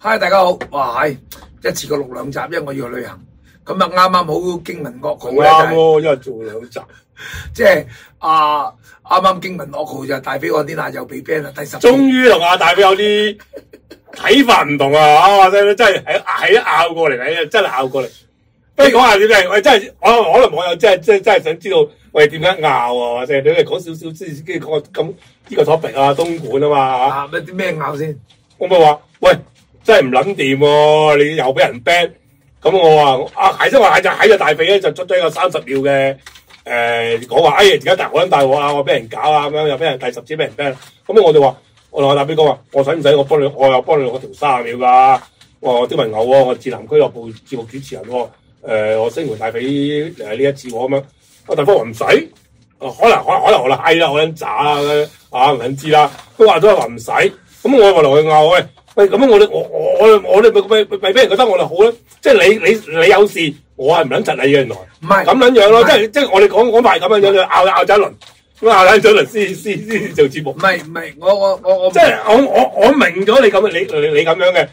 嗨，大家好！哇，係一次過錄兩集，因為我要去旅行咁啊，啱啱好經文樂句好因為做兩集即係、就是、啊，啱啱經文樂句就大飛我啲娜又俾 ban 啦，第十終於同阿大飛有啲睇法唔同啊！ 啊，真真係係係一拗過嚟，真係拗過嚟。不如講下你哋，喂？真係我可能網友真係真真係想知道喂點解拗啊？或者你哋講少少，即係講個咁呢個 topic 啊，東莞啊嘛咩啲咩拗先？我咪話喂。真係唔捻掂喎！你又俾人 ban 咁我話啊，喺即係喺就喺就大髀咧，就出咗一個三十秒嘅誒，講、呃、話哎呀，而家大我捻大我啊，我俾人搞啊咁樣，又俾人第十次俾人 ban 咁我哋話我同我大肥哥話，我使唔使我幫你？我又幫你落條三十秒㗎。我即問牛喎，我,我,、啊我,啊、我南智南俱樂部節目主持人喎、啊呃，我升回大髀誒呢一次我咁樣，我、啊、大哥話唔使，可能可能可能我啦，係啦、啊嗯，我捻渣啊，啊唔想知啦，佢話咗話唔使，咁我話落去牛喂。喂，咁 啊樂、嗯，我哋我我我我哋咪我咪俾人覺得我哋好咧，即係你你你有事，我係唔捻我你咁耐，咁捻樣咯，即係即係我哋講講埋咁樣樣，拗拗咗一輪，咁啊拗咗一輪先先先做節目。唔係唔係，我我我我即係我我我明咗你咁你你你咁樣嘅，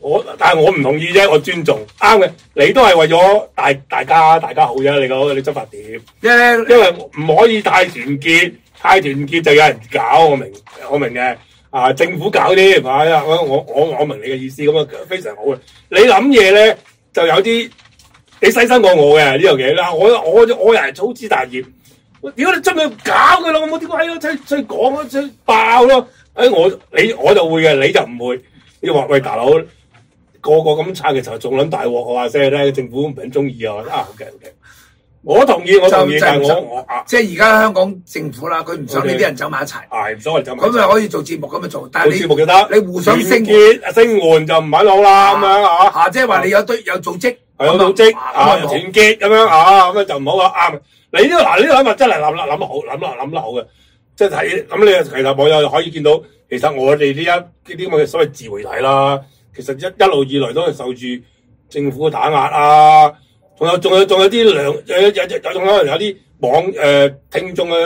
我但係我唔同意啫，我尊重，啱嘅，你都係為咗大大家大家好啫，你講你出發點，因、啊、因為唔可以太團結，太團結就有人搞，我明我明嘅。啊！政府搞啲係啊，我我我我明你嘅意思咁啊，非常好嘅。你諗嘢咧就有啲你細心過我嘅呢樣嘢啦。我我我又係粗枝大葉。如果你真係搞佢咯，我冇點解咯？吹吹講咯，吹爆咯。誒，我、哎、你、哎我，哎我，哎、我，我就會嘅，你就唔會。你話喂大佬個個咁差嘅時候仲諗大鑊，我話聲咧，政府唔想中意啊。啊，OK OK。我同意我同意就我啊即係而家香港政府啦，佢唔想呢啲人走埋一齊，咁、okay. 咪可以做節目咁樣做，但係你節目記得你互相聲援聲援就唔係好啦咁樣啊？即係話你有堆有組織，啊、有組織啊，團結咁樣啊，咁樣就唔好啊。啱、啊，你呢個嗱呢個諗法真係諗啦，諗得好，諗啦諗得好嘅。即係睇咁你，其實網友可以見到，其實我哋呢一啲咁嘅所謂自媒體啦，其實一一路以來都係受住政府嘅打壓啦仲有仲有仲有啲兩有有有仲可能有啲網誒、呃、聽眾啊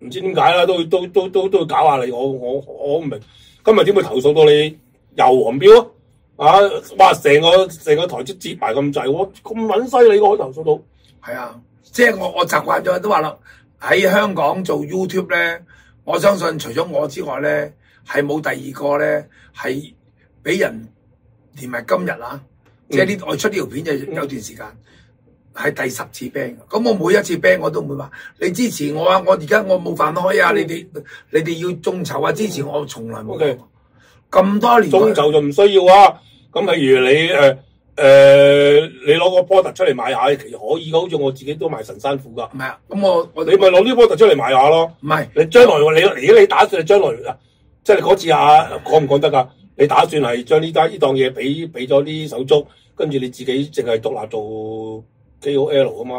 唔知點解啦，都都都都都搞下你，我我我唔明，今日點會投訴到你又黃標啊？啊，哇！成個成個台積積埋咁滯，喎，咁撚犀利嘅可以投訴到，係啊！即係我我習慣咗都話啦，喺香港做 YouTube 咧，我相信除咗我之外咧，係冇第二個咧係俾人連埋今日啊！嗯、即係呢我出呢條片就有段時間。嗯係第十次拼，咁我每一次拼我都會話你支持我啊！我而家我冇飯開啊！你哋你哋要眾籌啊！支持我從來冇。咁、okay, 多年眾籌就唔需要啊！咁譬如你誒、呃、你攞個波特出嚟買下其實可以噶，好似我自己都賣神山褲噶。唔係啊！咁、嗯、我你咪攞啲波特出嚟買下咯。唔係你將來你你打算將來啊？即係你嗰次啊，講唔講得㗎？你打算係將呢家呢檔嘢俾俾咗啲手足，跟住你自己淨係獨立做。K O L 啊嘛，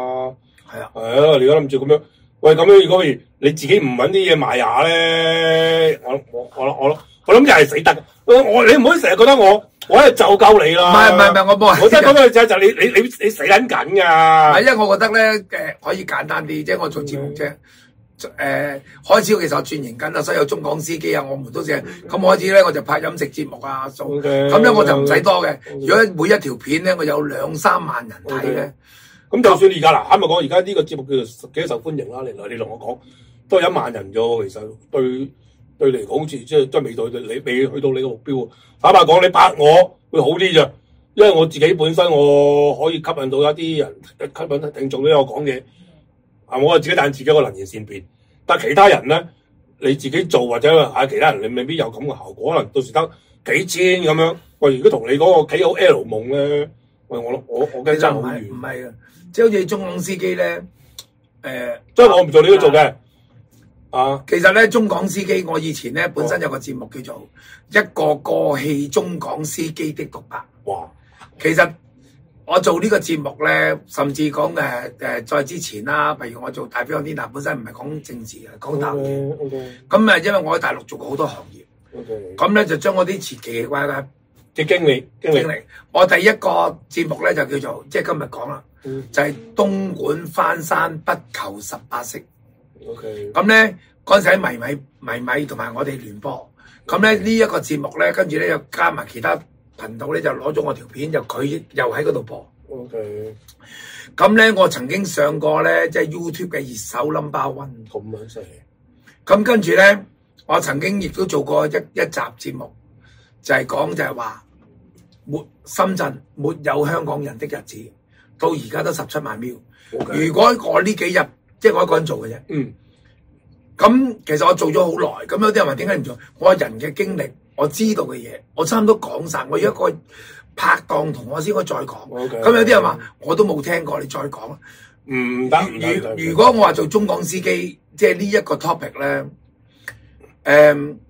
係啊，係、哎、啊，你而家諗住咁樣，喂，咁樣如果譬如你自己唔揾啲嘢賣下咧，我我我我我諗又係死得，我，我，我，我，我，我，死我你唔好成日覺得我我喺度就救你啦，唔係唔係唔係，我冇，我，我得咁樣得就就你你你你死緊緊噶，係啊，我覺得咧誒、呃、可以簡單啲，即、就、係、是、我做節目啫，誒、okay. 呃、開始其實轉型緊啦，所以有中港司機啊，我們都正，咁、okay. 開始咧我就拍飲食節目啊，做、so. okay.，咁咧我就唔使多嘅，okay. 如果每一條片咧我有兩三萬人睇咧、okay.。咁就算你而家嗱，坦白講，而家呢個節目叫做幾受歡迎啦，你來你同我講，都有一萬人啫。其實對對嚟講，好似即係即係未到你未去到你個目標。坦白講，你拍我會好啲啫，因為我自己本身我可以吸引到一啲人，吸引聽眾嚟我講嘢。啊，我啊自己帶自己，我能言善辯，但其他人咧，你自己做或者嚇其他人，你未必有咁嘅效果。可能到時得幾千咁樣。喂、哎，如果同你講、哎，我 K.O.L 夢咧，喂，我諗我我真爭好遠。係。即係好似中港司機咧，誒、呃，即係我唔做、啊、你都做嘅，啊！其實咧，中港司機，我以前咧本身有個節目叫做《一個過氣中港司機的獨白》。哇！其實我做呢個節目咧，甚至講誒誒，再、呃、之前啦，譬如我做《大表阿天》啊，本身唔係講政治嘅，講大陸嘅。咁啊，因為我喺大陸做過好多行業。咁、okay. 咧就將嗰啲奇奇怪怪嘅經歷經歷。我第一個節目咧就叫做，即、就、係、是、今日講啦。就係、是、東莞翻山不求十八式。OK。咁咧，嗰陣時喺迷米迷米同埋我哋聯播。咁咧呢一個節目咧，跟住咧又加埋其他頻道咧，就攞咗我條片，就佢又喺嗰度播。OK。咁咧我曾經上過咧即係 YouTube 嘅熱搜 number one。咁樣犀利。咁跟住咧，我曾經亦都做過一一集節目，就係、是、講就係話沒深圳沒有香港人的日子。到而家都十七萬秒。Okay. 如果我呢幾日即係我一個人做嘅啫。嗯。咁其實我做咗好耐，咁有啲人話點解唔做？我人嘅經歷，我知道嘅嘢，我差唔多講晒。我一個拍檔同我先可以再講。咁、okay. 有啲人話、嗯、我都冇聽過，你再講。唔得。如如果我話做中港司機，即係呢一個 topic 咧，誒、嗯、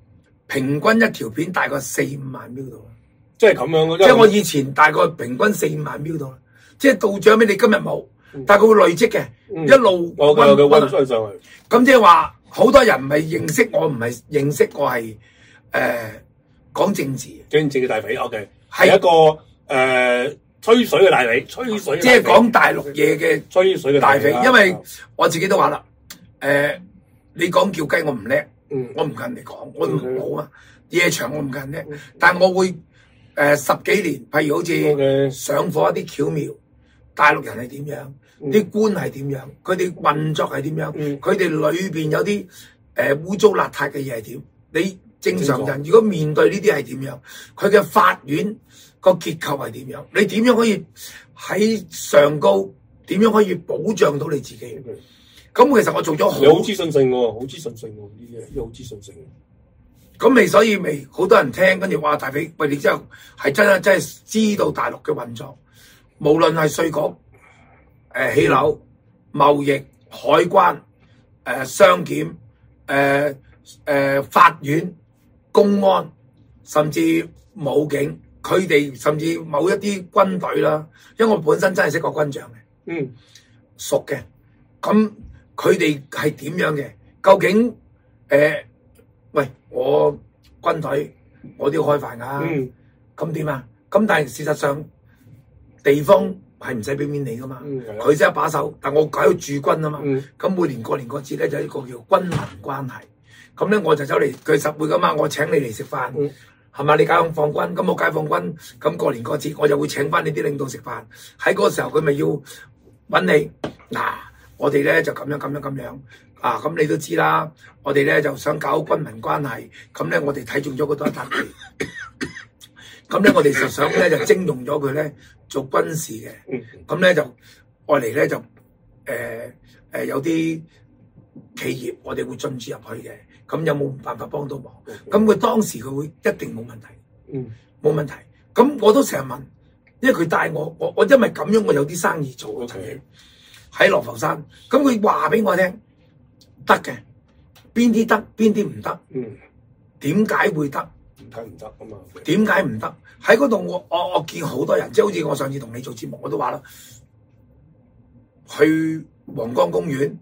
平均一條片大概四五萬秒度。即係咁樣咯。即、就、係、是、我以前大概平均四五萬秒度。即係道長俾你今日冇，但係佢會累積嘅、嗯，一路溫溫溫上去。咁即係話，好多人唔係認識我，唔係認識我係誒、呃、講政治嘅。政治嘅大肥，O.K. 係一個誒吹水嘅大肥，吹水嘅大肥。即係講大陸嘢嘅、okay、吹水嘅大肥，因為我自己都話啦，誒、呃、你講叫雞我唔叻、嗯，我唔近你講，我唔好啊、okay。夜場我唔近叻，但係我會誒、呃、十幾年，譬如好似上火一啲巧妙。大陸人係點樣？啲、嗯、官係點樣？佢哋運作係點樣？佢、嗯、哋裏面有啲誒污糟邋遢嘅嘢係點？你正常人正常如果面對呢啲係點樣？佢嘅法院個結構係點樣？你點樣可以喺上高？點樣可以保障到你自己？咁、嗯、其實我做咗好資訊性喎，好資訊性喎，呢啲嘢，好資訊性。咁咪所以咪好多人聽，跟住話大肥，喂你之後係真啊，真係知道大陸嘅運作。無論係稅局、誒起樓、貿易、海關、誒商檢、誒誒法院、公安，甚至武警，佢哋甚至某一啲軍隊啦，因為我本身真係識個軍長嘅，嗯，熟嘅，咁佢哋係點樣嘅？究竟誒？喂，我軍隊我都要開飯噶，嗯，咁點啊？咁但係事實上。地方係唔使俾面你噶嘛，佢即係把手、嗯，但係我搞駐軍啊嘛，咁、嗯、每年過年過節咧就一個叫軍民關係，咁咧我就走嚟，佢實會噶嘛，我請你嚟食飯，係、嗯、嘛？你解放，放軍，咁我解放軍，咁過年過節我就會請翻你啲領導食飯，喺嗰時候佢咪要揾你，嗱，我哋咧就咁樣咁樣咁樣，啊，咁你都知啦，我哋咧就想搞軍民關係，咁咧我哋睇中咗嗰度一笪，咁 咧我哋就想咧就徵用咗佢咧。做軍事嘅，咁咧就外嚟咧就誒誒、呃呃、有啲企業，我哋會進駐入去嘅。咁有冇辦法幫到忙？咁、okay。佢當時佢會一定冇問題，冇問題、mm。問題。咁我都成日問，因為佢帶我，我我因為咁樣我有啲生意做曾經喺羅浮山。咁佢話俾我聽，得嘅，邊啲得，邊啲唔得，點解會得？睇唔得啊嘛？點解唔得？喺嗰度我我我見好多人，即係好似我上次同你做節目，我都話啦，去黃江公園，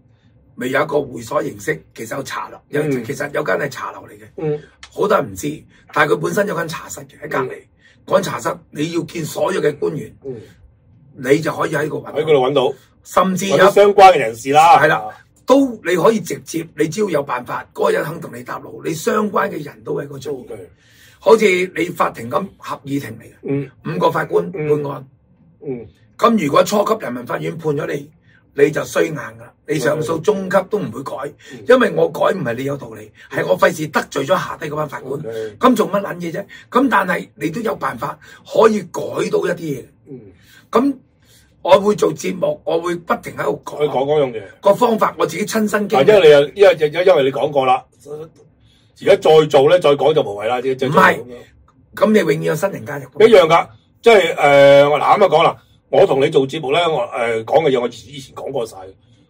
咪有一個會所形式，其實有茶樓，有、嗯、其實有間係茶樓嚟嘅。嗯，好多人唔知，但係佢本身有間茶室嘅喺隔離。講、嗯、茶室，你要見所有嘅官員、嗯，你就可以喺個喺嗰度揾到，甚至有相關嘅人士啦。係啦，都你可以直接，你只要有辦法，嗰個人肯同你搭路，你相關嘅人都喺嗰度。好似你法庭咁合議庭嚟嘅，五個法官判案。咁、嗯嗯、如果初級人民法院判咗你，你就衰硬噶啦。你上訴中級都唔會改、嗯，因為我改唔係你有道理，係、嗯、我費事得罪咗下低嗰班法官。咁做乜撚嘢啫？咁、嗯、但係你都有辦法可以改到一啲嘢。咁、嗯、我會做節目，我會不停喺度改。講講樣嘢個方法，我自己親身經歷。啊、因為你講過講過啦。而家再做咧，再講就無謂啦。唔係，咁你永遠有新人加入。一樣㗎，即係我嗱咁啊講啦、就是嗯呃，我同你做節目咧，我誒、呃、講嘅嘢我以前講過晒，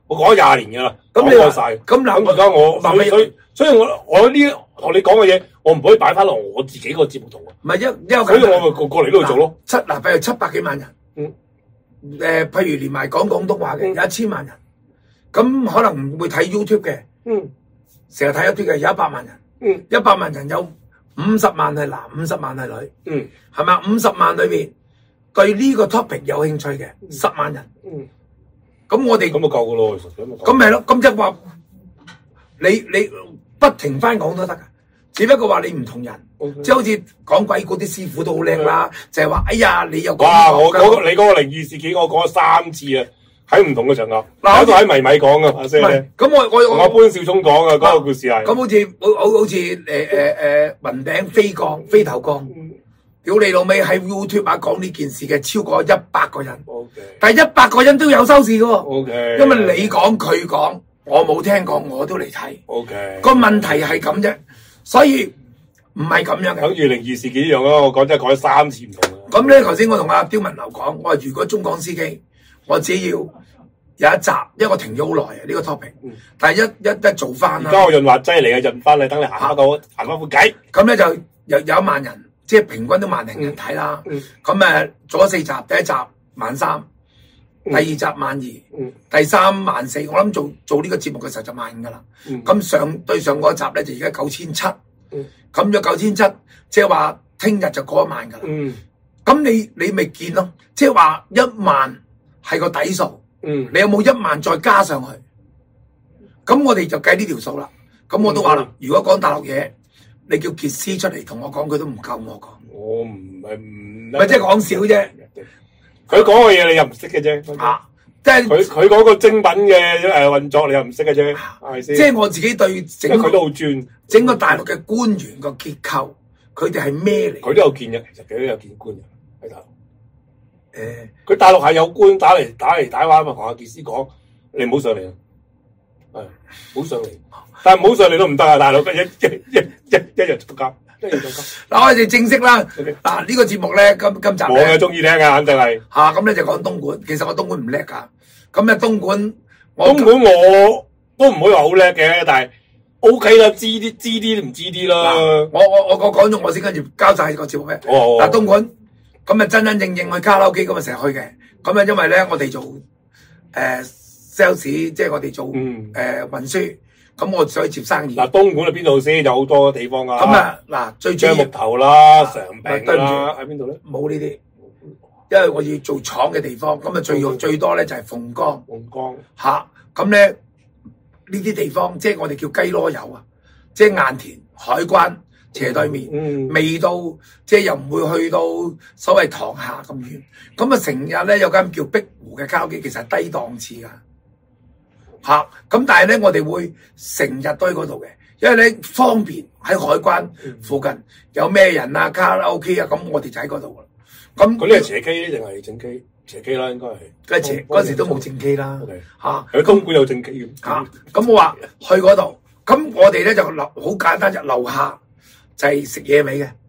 我講咗廿年㗎啦、嗯，講過曬。咁、嗯、嗱，而家我所以我我呢同你講嘅嘢，我唔可以擺翻落我自己個節目度。唔係因因為，所以我咪過過嚟呢度做咯。七嗱，譬、呃、如七百幾萬人，嗯譬、呃、如連埋講廣東話嘅、嗯、有一千萬人，咁可能唔會睇 YouTube 嘅，嗯，成日睇 YouTube 嘅有一百萬人。一百萬人有五十萬係男，五十萬係女，嗯，係咪五十萬裏邊對呢個 topic 有興趣嘅十萬人，嗯，咁、嗯、我哋咁咪夠噶咯，咁咪係咯，咁即係話你你不停翻講都得噶，只不過話你唔同人，okay. 即係好似講鬼故嗰啲師傅都好叻啦，就係、是、話，哎呀，你又哇，我講、那個、你嗰個靈異事件，我講咗三次啊。喺唔同嘅場合，嗱我喺迷米講噶，咁我我我搬小聰講噶嗰個故事係，咁好似好好好似誒誒誒雲頂飛降飛頭降，屌你老味喺 YouTube 講呢件事嘅超過一百個人，但係一百個人都有收視噶，OK，因為你講佢講，我冇聽過，我都嚟睇，OK，個問題係咁啫，所以唔係咁樣嘅，好似零二事件一樣咯，我講真係講咗三次唔同嘅，咁咧頭先我同阿刁文流講，我話如果中港司機。我只要有一集，因為我停咗好耐啊。呢、這個 topic，但係一一一做翻。而家我潤滑劑嚟嘅潤翻你走走，等你下個行翻會計咁咧，就有有一萬人，即係平均都萬零人睇啦。咁、嗯、咪、嗯，做咗四集，第一集萬三、嗯，第二集萬二、嗯，第三萬四。我諗做做呢個節目嘅時候就萬五噶啦。咁、嗯、上對上嗰集咧，就而家九千七，咁咗九千七，即係話聽日就過一萬噶啦。咁、嗯、你你咪見咯，即係話一萬。係個底數，嗯，你有冇一萬再加上去？咁我哋就計呢條數啦。咁我都話啦，如果講大陸嘢，你叫杰斯出嚟同我講，佢都唔夠我講。我唔係唔係即係講少啫。佢講嘅嘢你又唔識嘅啫。啊，即係佢佢嗰個精品嘅，誒運作你又唔識嘅啫，係咪先？即係我自己對整一轉整個大陸嘅官員個結構，佢哋係咩嚟？佢都有見嘅，其實佢都有見官嘅喺大佢、欸、大陸係有官打嚟打嚟打話啊嘛，同阿杰師講，你唔好上嚟啊，係好上嚟，但係唔好上嚟都唔得啊，大陸一一一一一日做唔交，一日做唔交。嗱、啊，我哋正式啦，嗱、okay. 啊這個、呢個節目咧，今今集我又中意聽噶，肯定係吓咁咧就講東莞，其實我東莞唔叻噶，咁啊東莞我，東莞我都唔會話好叻嘅，但係 OK 啦，知啲知啲都唔知啲啦、啊。我我我講咗我先跟住交晒個節目咩？哦、啊、東莞。咁啊，真真正正去卡拉 OK，咁啊成日去嘅。咁啊，因為咧，我哋做誒 sales，即係我哋做誒、嗯呃、運輸，咁我就可以接生意。嗱、啊，東莞啊邊度先有好多地方啊？咁啊，嗱，最主要樟木頭啦、啊、常平住，喺邊度咧？冇呢啲，因為我要做廠嘅地方，咁啊最用最多咧就係鳳崗。鳳崗吓，咁、啊、咧呢啲地方，即、就、係、是、我哋叫雞羅油啊，即係雁田、海關。斜對面，未到即係又唔會去到所謂塘廈咁遠。咁啊，成日咧有間叫碧湖嘅交機，其實係低檔次噶吓，咁、啊、但係咧，我哋會成日堆嗰度嘅，因為咧方便喺海關附近有咩人啊，卡拉 OK 啊，咁我哋就喺嗰度啊。咁嗰啲係斜 K 定係正 K？斜 K 啦，應該係。嗰陣時都冇正 K 啦嚇。係咪東莞有正 K 嘅？嚇！咁我話去嗰度，咁我哋咧就樓好簡單就樓、是、下。就係、是、食野味嘅，咁、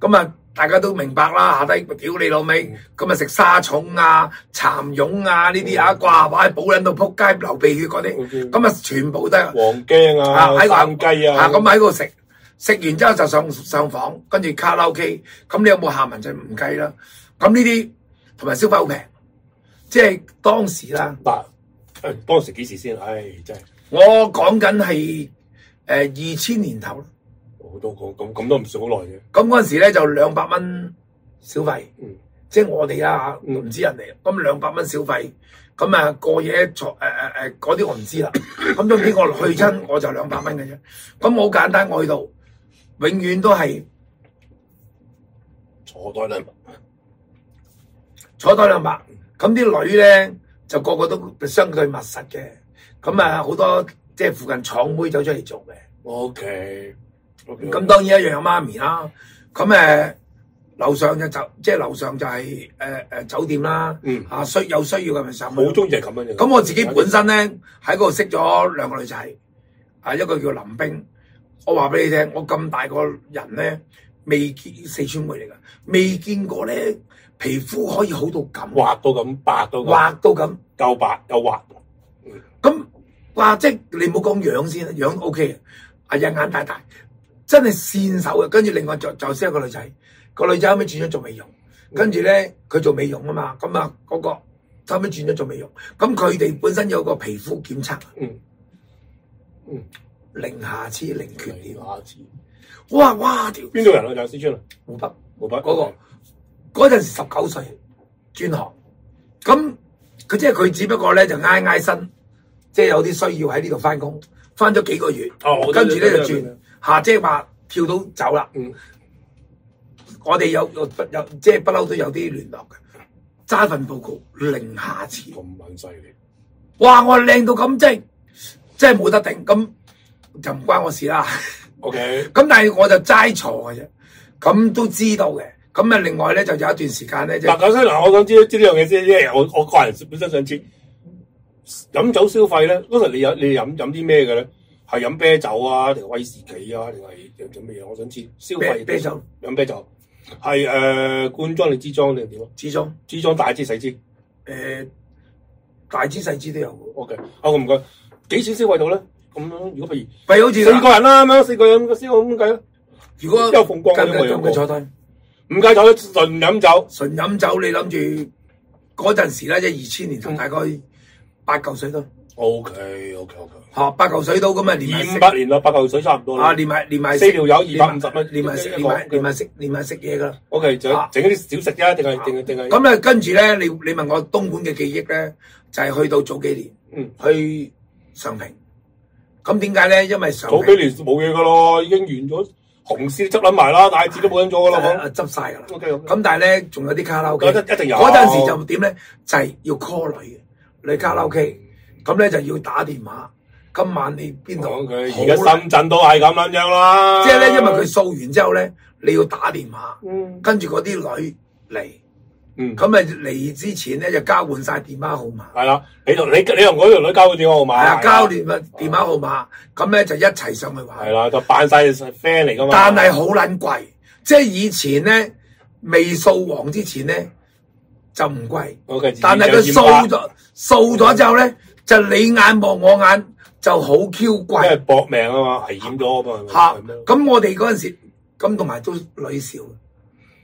嗯、啊，大家都明白啦。下低屌你老味，咁啊食沙蟲啊、蠶蛹啊呢啲、嗯、啊，掛擺保人到撲街流鼻血嗰啲，咁、okay，啊全部都係黃驚啊、喺冷雞啊，咁啊喺度食，食完之後就上上房，跟住卡拉 OK。咁你有冇下文就唔計啦。咁呢啲同埋消費好平，即、就、係、是、當時啦。嗱、啊，當、嗯、時幾時先？唉、哎，真係我講緊係誒二千年頭。好多個咁咁都唔算好耐嘅。咁嗰陣時咧就兩百蚊小費，嗯，即係我哋啊，唔知人哋。咁兩百蚊小費，咁啊過夜坐誒誒誒，嗰、呃、啲我唔知啦。咁總之我去親我就兩百蚊嘅啫。咁好 簡單，我去到永遠都係坐多兩百，坐多兩百。咁啲女咧就個個都相對密實嘅。咁啊好多即係、就是、附近廠妹走出嚟做嘅。O K。咁、okay。當然一樣有媽咪啦。咁誒、呃、樓上就酒，即係樓上就係誒誒酒店啦。嗯。啊，需有需要嘅咪上。好中意係咁樣嘅。咁我自己本身咧喺嗰度識咗兩個女仔，啊，一個叫林冰。我話俾你聽，我咁大個人咧未見四川妹嚟㗎，未見過咧皮膚可以好到咁滑到咁白到滑到咁夠白夠滑。咁哇，即、即係、你唔好講樣先，樣 OK。啊，一眼大大。真係善手嘅，跟住另外就就識一個女仔，個女仔後尾轉咗做美容，跟住咧佢做美容啊嘛，咁啊嗰個後尾轉咗做美容，咁佢哋本身有個皮膚檢測，嗯嗯，零瑕疵零缺陷。我話哇，條邊度人啊？就先出嚟？湖北湖北嗰個，嗰陣時十九歲轉行，咁佢、那個、即係佢只不過咧就挨挨身，即係有啲需要喺呢度翻工，翻咗幾個月，哦、啊，跟住咧就轉。嚇！即係話跳到走啦。嗯，我哋有有不即係不嬲都有啲聯絡嘅。揸份報告零瑕疵咁撚犀利。哇！我靚到咁精，即係冇得定，咁就唔關我事啦。OK。咁但係我就齋坐嘅啫。咁都知道嘅。咁啊，另外咧就有一段時間咧。嗱，講真嗱，我想知呢呢樣嘢先，即係我我個人本身想知飲酒消費咧。嗰陣你飲你飲飲啲咩嘅咧？係飲啤酒啊，定係威士忌啊，定係飲咩嘢？我想知消費啤酒，飲啤酒係誒罐裝定支裝定係點啊？支裝，支、呃、裝、嗯、大支細支，誒、呃、大支細支都有。OK，好咁唔該。幾錢消費到咧？咁樣如果譬如，譬如好似四個人啦、啊，咁樣四個人嘅消費咁計咯。如果又鳳光嘅、啊，唔介意坐低。唔介意坐，純飲酒，純飲酒，純飲酒，純飲酒，你諗住嗰陣時咧，即係二千年、嗯、大概八嚿水都。O K、okay, O K、okay, O、okay. K 吓八嚿水到咁啊，連五八年啦，八嚿水差唔多啦。啊，連埋連埋四條友二百五十蚊，連埋食，連埋食，連埋食嘢噶啦。O K，就整啲小食啊，定係定定係咁啊？啊跟住咧，你你問我東莞嘅記憶咧，就係、是、去到早幾年，嗯、去常平。咁點解咧？因為常平早幾年冇嘢噶咯，已經完咗，紅絲執攬埋啦，大字都冇影咗噶啦，冇執曬噶啦。咁但係咧，仲有啲卡拉 OK，嗰陣時就點咧？就係要 call 女嘅，女卡拉 OK。咁咧就要打電話。今晚你邊度？而、okay. 家深圳都係咁樣啦。即係咧，因為佢掃完之後咧，你要打電話，嗯、跟住嗰啲女嚟。嗯，咁咪嚟之前咧就交換晒電話號碼。係啦，你同你你同嗰條女交換，交換電話號碼，交換電話號碼。咁咧就一齊上去玩。係啦，就扮晒 friend 嚟噶嘛。但係好撚貴，即係以前咧未掃黃之前咧就唔貴。好、okay. 但係佢掃咗、啊、掃咗之後咧。就係、你眼望我眼就好 Q 怪，因為搏命啊嘛，危險咗啊嘛。嚇！咁、啊啊啊、我哋嗰陣時，咁同埋都女少，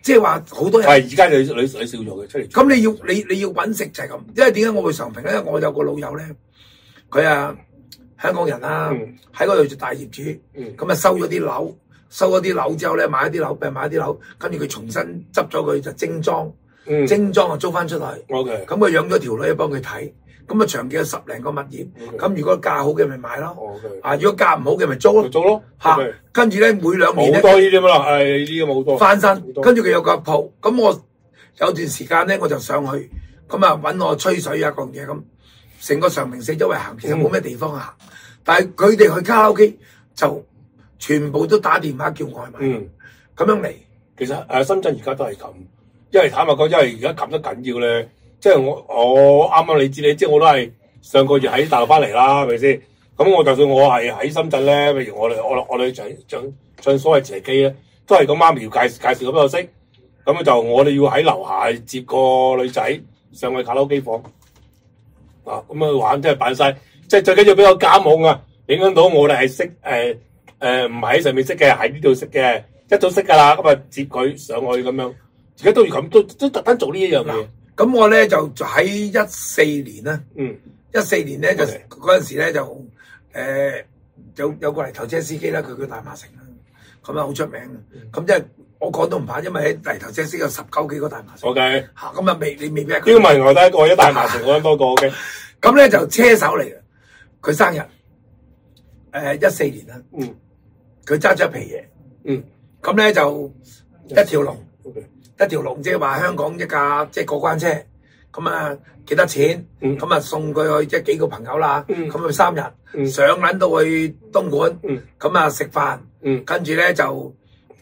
即係話好多人。但係而家女女女少咗出嚟。咁你要你你要揾食就係咁，因為點解我會常平咧？因為我有個老友咧，佢啊香港人啦、啊，喺嗰度做大業主，咁、嗯、啊收咗啲樓，收咗啲樓之後咧買一啲樓，並買一啲樓，跟住佢重新執咗佢就精裝，精裝啊租翻出嚟。咁、嗯、佢、okay. 養咗條女幫佢睇。咁啊，長期有十零個物業，咁、okay. 如果價好嘅咪買咯，okay. 啊如果價唔好嘅咪租咯，嚇，跟住咧每兩年好多呢啲咁啦，呢個冇多，翻身跟住佢有個鋪，咁我有段時間咧我就上去，咁啊搵我吹水啊講嘢咁，成、那個、個常平四周圍行，其實冇咩地方行，嗯、但係佢哋去卡拉 OK 就全部都打電話叫外賣，咁、嗯、樣嚟。其實誒、啊，深圳而家都係咁，因為坦白講，因為而家冚得緊要咧。即係我我啱啱你知你即係我都係上個月喺大陸翻嚟啦，係咪先？咁我就算我係喺深圳咧，譬如我我我女仔，想想所謂斜機咧，都係個媽咪要介介紹咁俾我識，咁就我哋要喺樓下接個女仔上去卡拉 OK 房啊，咁啊玩真係扮晒，即係最緊要比較家網啊，影響到我哋係識誒誒唔喺上面識嘅，喺呢度識嘅一早識噶啦，咁啊接佢上去咁樣，而家都要咁都都，都特登做呢一樣嘢。咁我咧就、嗯、呢就喺、okay. 呃、一四年啦，一四年咧就嗰陣時咧就誒有有個泥頭車司機啦，佢叫大麻城啦，咁啊好出名嘅，咁即係我講都唔怕，因為喺泥頭車司有十九幾個大麻城，OK，嚇咁啊未你未咩？刁民外底過一大麻城，我揾多個 OK，咁咧就車手嚟嘅，佢生日誒、呃嗯嗯、一，一四年啦，嗯，佢揸咗一皮嘢，嗯，咁咧就一條龍。一條龍即係，話香港一架即係過關車，咁啊幾多錢？咁、嗯、啊送佢去即係幾個朋友啦，咁、嗯、啊三日、嗯、上揾到去東莞，咁啊食飯，跟住咧就誒揼、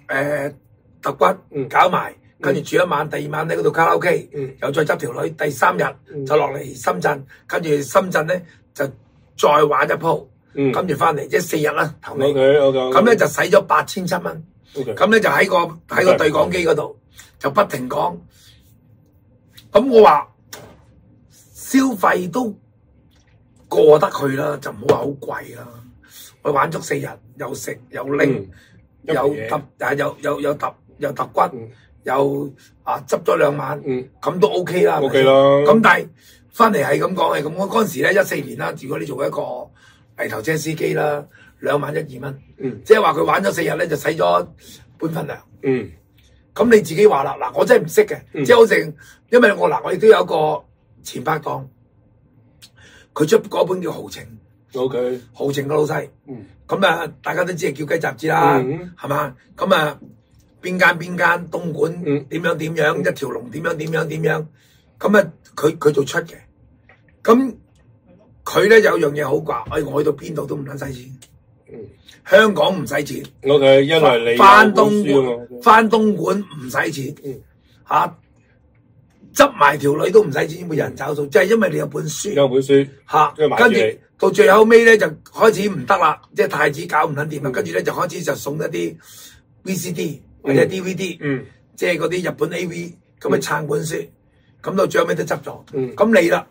呃、骨、嗯、搞埋，跟住住一晚，第二晚喺度到卡拉 OK、嗯、又再執條女，第三日就落嚟深圳，跟住深圳咧就再玩一鋪，跟住翻嚟即係四日啦頭咁咧就使咗八千七蚊。咁、okay. 咧就喺個喺個對講機嗰度就不停講，咁我話消費都過得去啦，就唔好話好貴啦。我玩足四日，又食又拎，又、嗯、揼、嗯啊，又又又揼，又揼骨，又啊執咗兩晚，咁、嗯、都 OK 啦。OK 啦。咁但係翻嚟係咁講係咁，我嗰陣時咧一四年啦，如果你做一個泥頭車司機啦。兩萬一二蚊，即係話佢玩咗四日咧，就使咗半份糧。嗯，咁、就是嗯、你自己話啦嗱，我真係唔識嘅。即係好成，因為我嗱、啊，我亦都有個前八檔，佢出嗰本叫豪情。O、okay. 豪情嘅老細。嗯，咁啊，大家都知係叫雞雜誌啦，係、嗯、嘛？咁啊，邊間邊間東莞點樣點樣、嗯、一條龍點樣點樣點樣咁、嗯、啊？佢佢就出嘅。咁佢咧有樣嘢好啩，哎，我去到邊度都唔撚使錢。嗯、香港唔使錢，我哋因為你翻東翻東莞唔使錢，吓執埋條女都唔使錢，因有人找數、嗯，就係、是，因為你有本書，有本書吓，跟、啊、住到最後尾咧就開始唔得啦，即係太子搞唔撚掂啦，跟住咧就開始就送一啲 VCD 或者 DVD，嗯，嗯即係嗰啲日本 AV，咁咪撐本書，咁、嗯、到最後尾都執咗，咁你啦，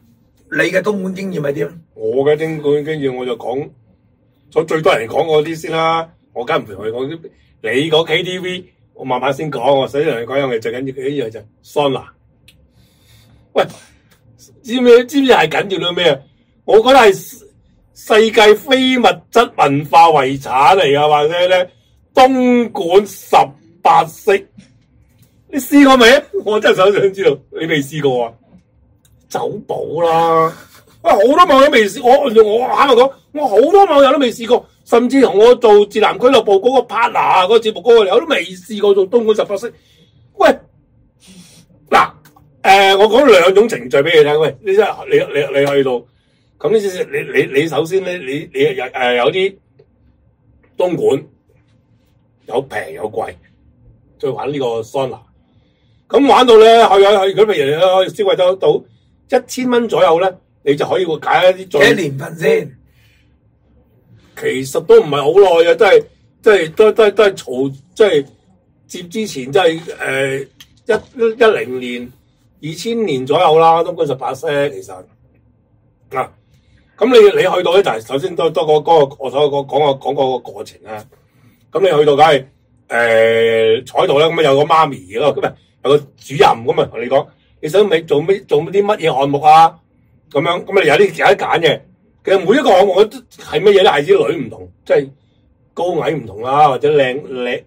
你嘅東莞經驗係點？我嘅東莞經驗我就講。做最多人講嗰啲先啦，我梗唔同佢講啲。你個 KTV，我慢慢先講。我首先同你講樣嘢，最緊要嘅一樣就係桑拿。喂，知唔知？知唔知係緊要到咩？我覺得係世界非物質文化遺產嚟噶，或者咧，東莞十八式。你試過未？我真係想想知道，你未試過啊？走寶啦。喂，好多網友未試我，我啱咪講，我好多網友都未試過，甚至同我做自南俱樂部嗰、那個 partner 嗰節目過嚟，我、那個、都未試過做東莞十八式。喂，嗱，誒、呃，我講兩種程序俾你聽。喂，你真係你你你去到咁，你你你，你，你，你，你首先咧，你你誒、呃、有啲東莞有平有貴，再玩呢個桑拿，咁玩到咧去去去，佢譬如去消費得到一千蚊左右咧。你就可以會解一啲做一年份先，其實都唔係好耐啊，都係都係都都都係嘈，即、就、係、係即係即係即係即係、接之前、即係，即係誒一一零年二千年左右啦。東莞十八式其實咁、啊、你你去到咧，就係首先多多個嗰我所，我所講講個講個過程啦。咁你去到梗係誒彩度咧，咁有個媽咪咯，今日有個主任咁啊，同你講你想咪做咩做啲乜嘢項目啊？咁樣，咁咪有啲有得揀嘅。其實每一個項目都係乜嘢咧？係啲女唔同，即係高矮唔同啦，或者靚靚。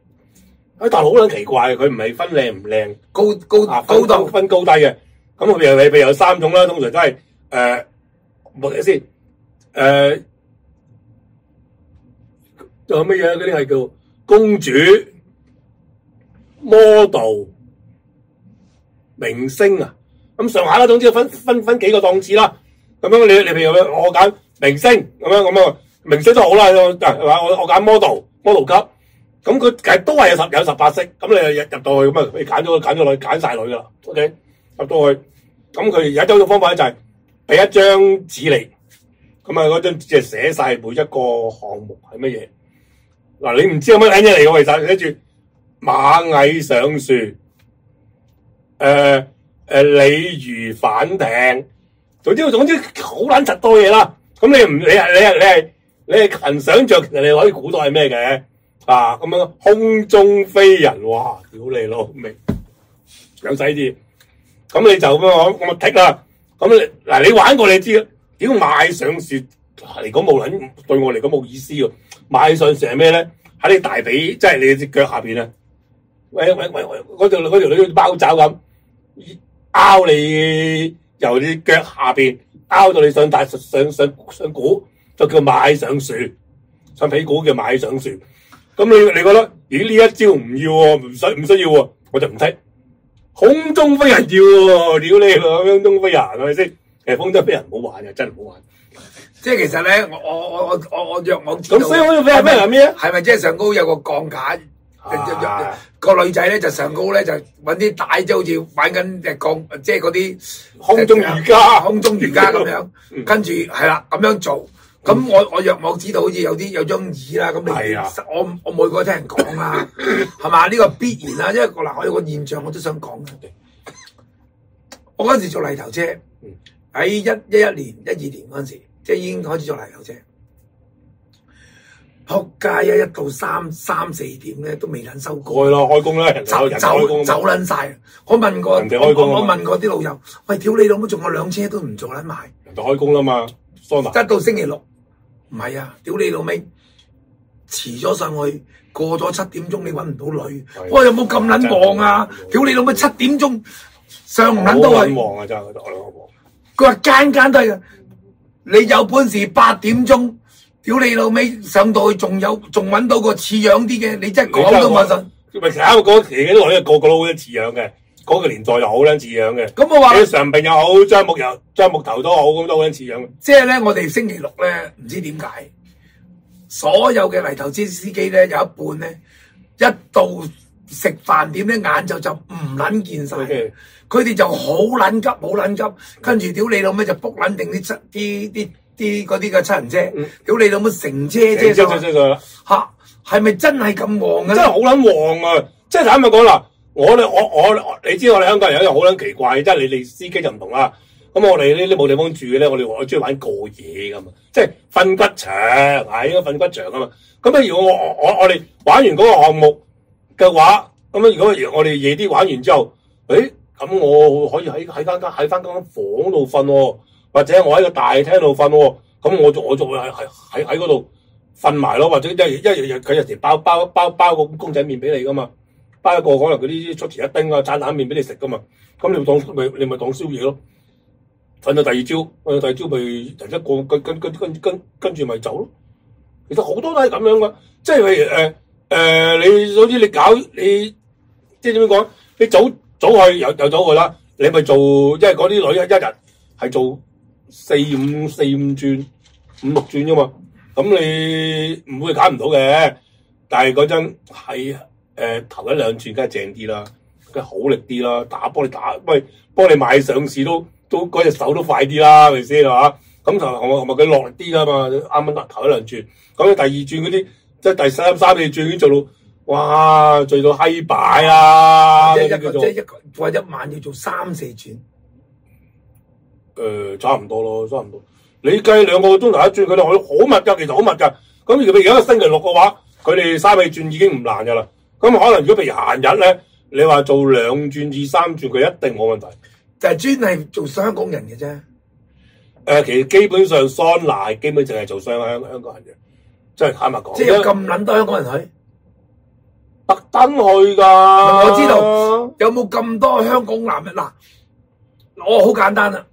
哎，但係好撚奇怪嘅，佢唔係分靚唔靚，高高啊，高度分高低嘅。咁佢又佢有三種啦，通常都係誒，望下先。誒，仲有乜嘢嗰啲係叫公主、model、明星啊？咁上下啦，總之分分分幾個檔次啦。咁樣，你你譬如我揀明星咁樣咁樣明星都好啦。我我揀 model，model 級。咁佢其實都係有十有十八式，咁你入入到去咁啊，你揀咗揀咗女，揀晒女噶啦。O K，入到去。咁佢有一種方法咧，就是，就係俾一張紙嚟咁啊，嗰張紙係寫晒每一個項目係乜嘢。嗱、啊，你唔知有乜嘢嚟嘅其實，跟住螞蟻上樹。誒、呃。誒、呃，鯉魚反艇，總之總之好難實到嘢啦。咁你唔你係你係你係你係難想象，其實你可以估到係咩嘅啊？咁樣空中飛人，哇！屌你老味，有細字。咁你就咁樣咁啊踢啦。咁你嗱你玩過你知啦。屌買上雪，嚟講，無論對我嚟講冇意思嘅。買上雪係咩咧？喺你大髀即係你隻腳下邊啊！喂喂喂，嗰條嗰條女包爪咁。拗你由啲腳下邊拗到你上大上上上股，就叫買上船，上屁股叫買上船。咁你你覺得咦？呢一招唔要喎，啊，唔需唔需要喎，啊，我就唔識。空中飛人要喎，啊，屌你老樣，空中飛人係咪先？誒，空中飛人唔好玩啊，真係唔好玩。即係其實咧，我我我我我我若我咁，所以空中飛人咩啊？係咪即係上高有個鋼架。哎哎那個女仔咧就上高咧就揾啲帶，即好似玩緊隻鋼，即係嗰啲空中瑜伽、空中瑜伽咁樣，樣嗯、跟住係啦咁樣做。咁、嗯、我我若冇知道，好似有啲有張椅啦。咁、啊、我我每個聽人講啊，係嘛呢個必然啦、啊。因為嗱，我有個現象我都想講，我嗰陣時做泥頭車，喺一一一年一二年嗰陣時，即、就、係、是、已經開始做泥頭車。扑街啊！一到三三四點咧，都未撚收工咯，開工啦！人走人開工，走撚曬。我問過，我問過啲老友，喂，屌你老母，仲有兩車都唔做撚埋。人哋開工啦嘛，一到星期六，唔係啊！屌你老味，遲咗上去，過咗七點鐘，你揾唔到女。喂有冇咁撚忙啊？屌你老母，七點鐘上唔撚到啊！忙啊，真係，我話佢話間間都係，你有本事八點鐘。屌你老味，上到去仲有仲揾到個似樣啲嘅，你真係講都唔信。咪成日講，而家啲內地個個都好似似樣嘅，嗰、那個年代又好撚似樣嘅。咁我話，啲神病又好，張木又張木頭都好，咁都撚似樣。即係咧，我哋星期六咧，唔知點解，所有嘅泥頭車司機咧有一半咧，一到食飯點咧，眼就、okay. 就唔撚見晒。佢哋就好撚急，好撚急，跟住屌你老味就卜撚定啲啲啲，啲嗰啲嘅七人車，屌、嗯、你老母乘車啫，嚇係咪真係咁旺嘅？真係好撚旺啊！即係、啊就是、坦白講啦，我哋我我你知道我哋香港人有一樣好撚奇怪，即係你哋司機就唔同啦。咁我哋呢啲冇地方住嘅咧，我哋我中意玩過夜噶嘛，即係瞓骨場係應該瞓骨場啊嘛。咁如果我我我哋玩完嗰個項目嘅話，咁如果我哋夜啲玩完之後，誒、欸、咁我可以喺喺間間喺翻間房度瞓喎。或者我喺個大廳度瞓，咁我就我就會喺喺喺嗰度瞓埋咯。或者一一日佢有時包包包包包個公仔麵俾你噶嘛，包一個可能嗰啲出前一丁啊、炸蛋麵俾你食噶嘛。咁你咪當你咪當宵夜咯。瞓到第二朝，瞓到第二朝咪第一個跟跟跟跟跟跟住咪走咯。其實好多都係咁樣噶，即係譬如誒誒，你好似你搞你，即係點樣講？你早早去又又早去啦，你咪做，因為嗰啲女一一日係做。四五四五轉五六轉啫嘛，咁你唔會揀唔到嘅。但係嗰陣係誒頭一兩轉，梗係正啲啦，梗係好力啲啦，打幫你打，喂幫你買上市都都嗰隻手都快啲啦，咪先啊？咁同同埋佢落力啲啦嘛，啱啱頭一兩轉，咁第二轉嗰啲即係第三三四轉已經做到，哇！做到閪擺啊！即係一個即一一晚要做三四轉。誒差唔多咯，差唔多。你計兩個鐘頭一轉，佢哋去好密㗎，其實好密㗎。咁如果而家星期六嘅話，佢哋三四轉已經唔難㗎啦。咁可能如果譬如閑日咧，你話做兩轉至三轉，佢一定冇問題。就係、是、專係做香港人嘅啫、呃。其實基本上桑拿基本淨係做香香港人嘅，即係坦白講。即係有咁撚多香港人去，特登去㗎、啊嗯。我知道有冇咁多香港男人嗱、啊？我、哦、好簡單啊。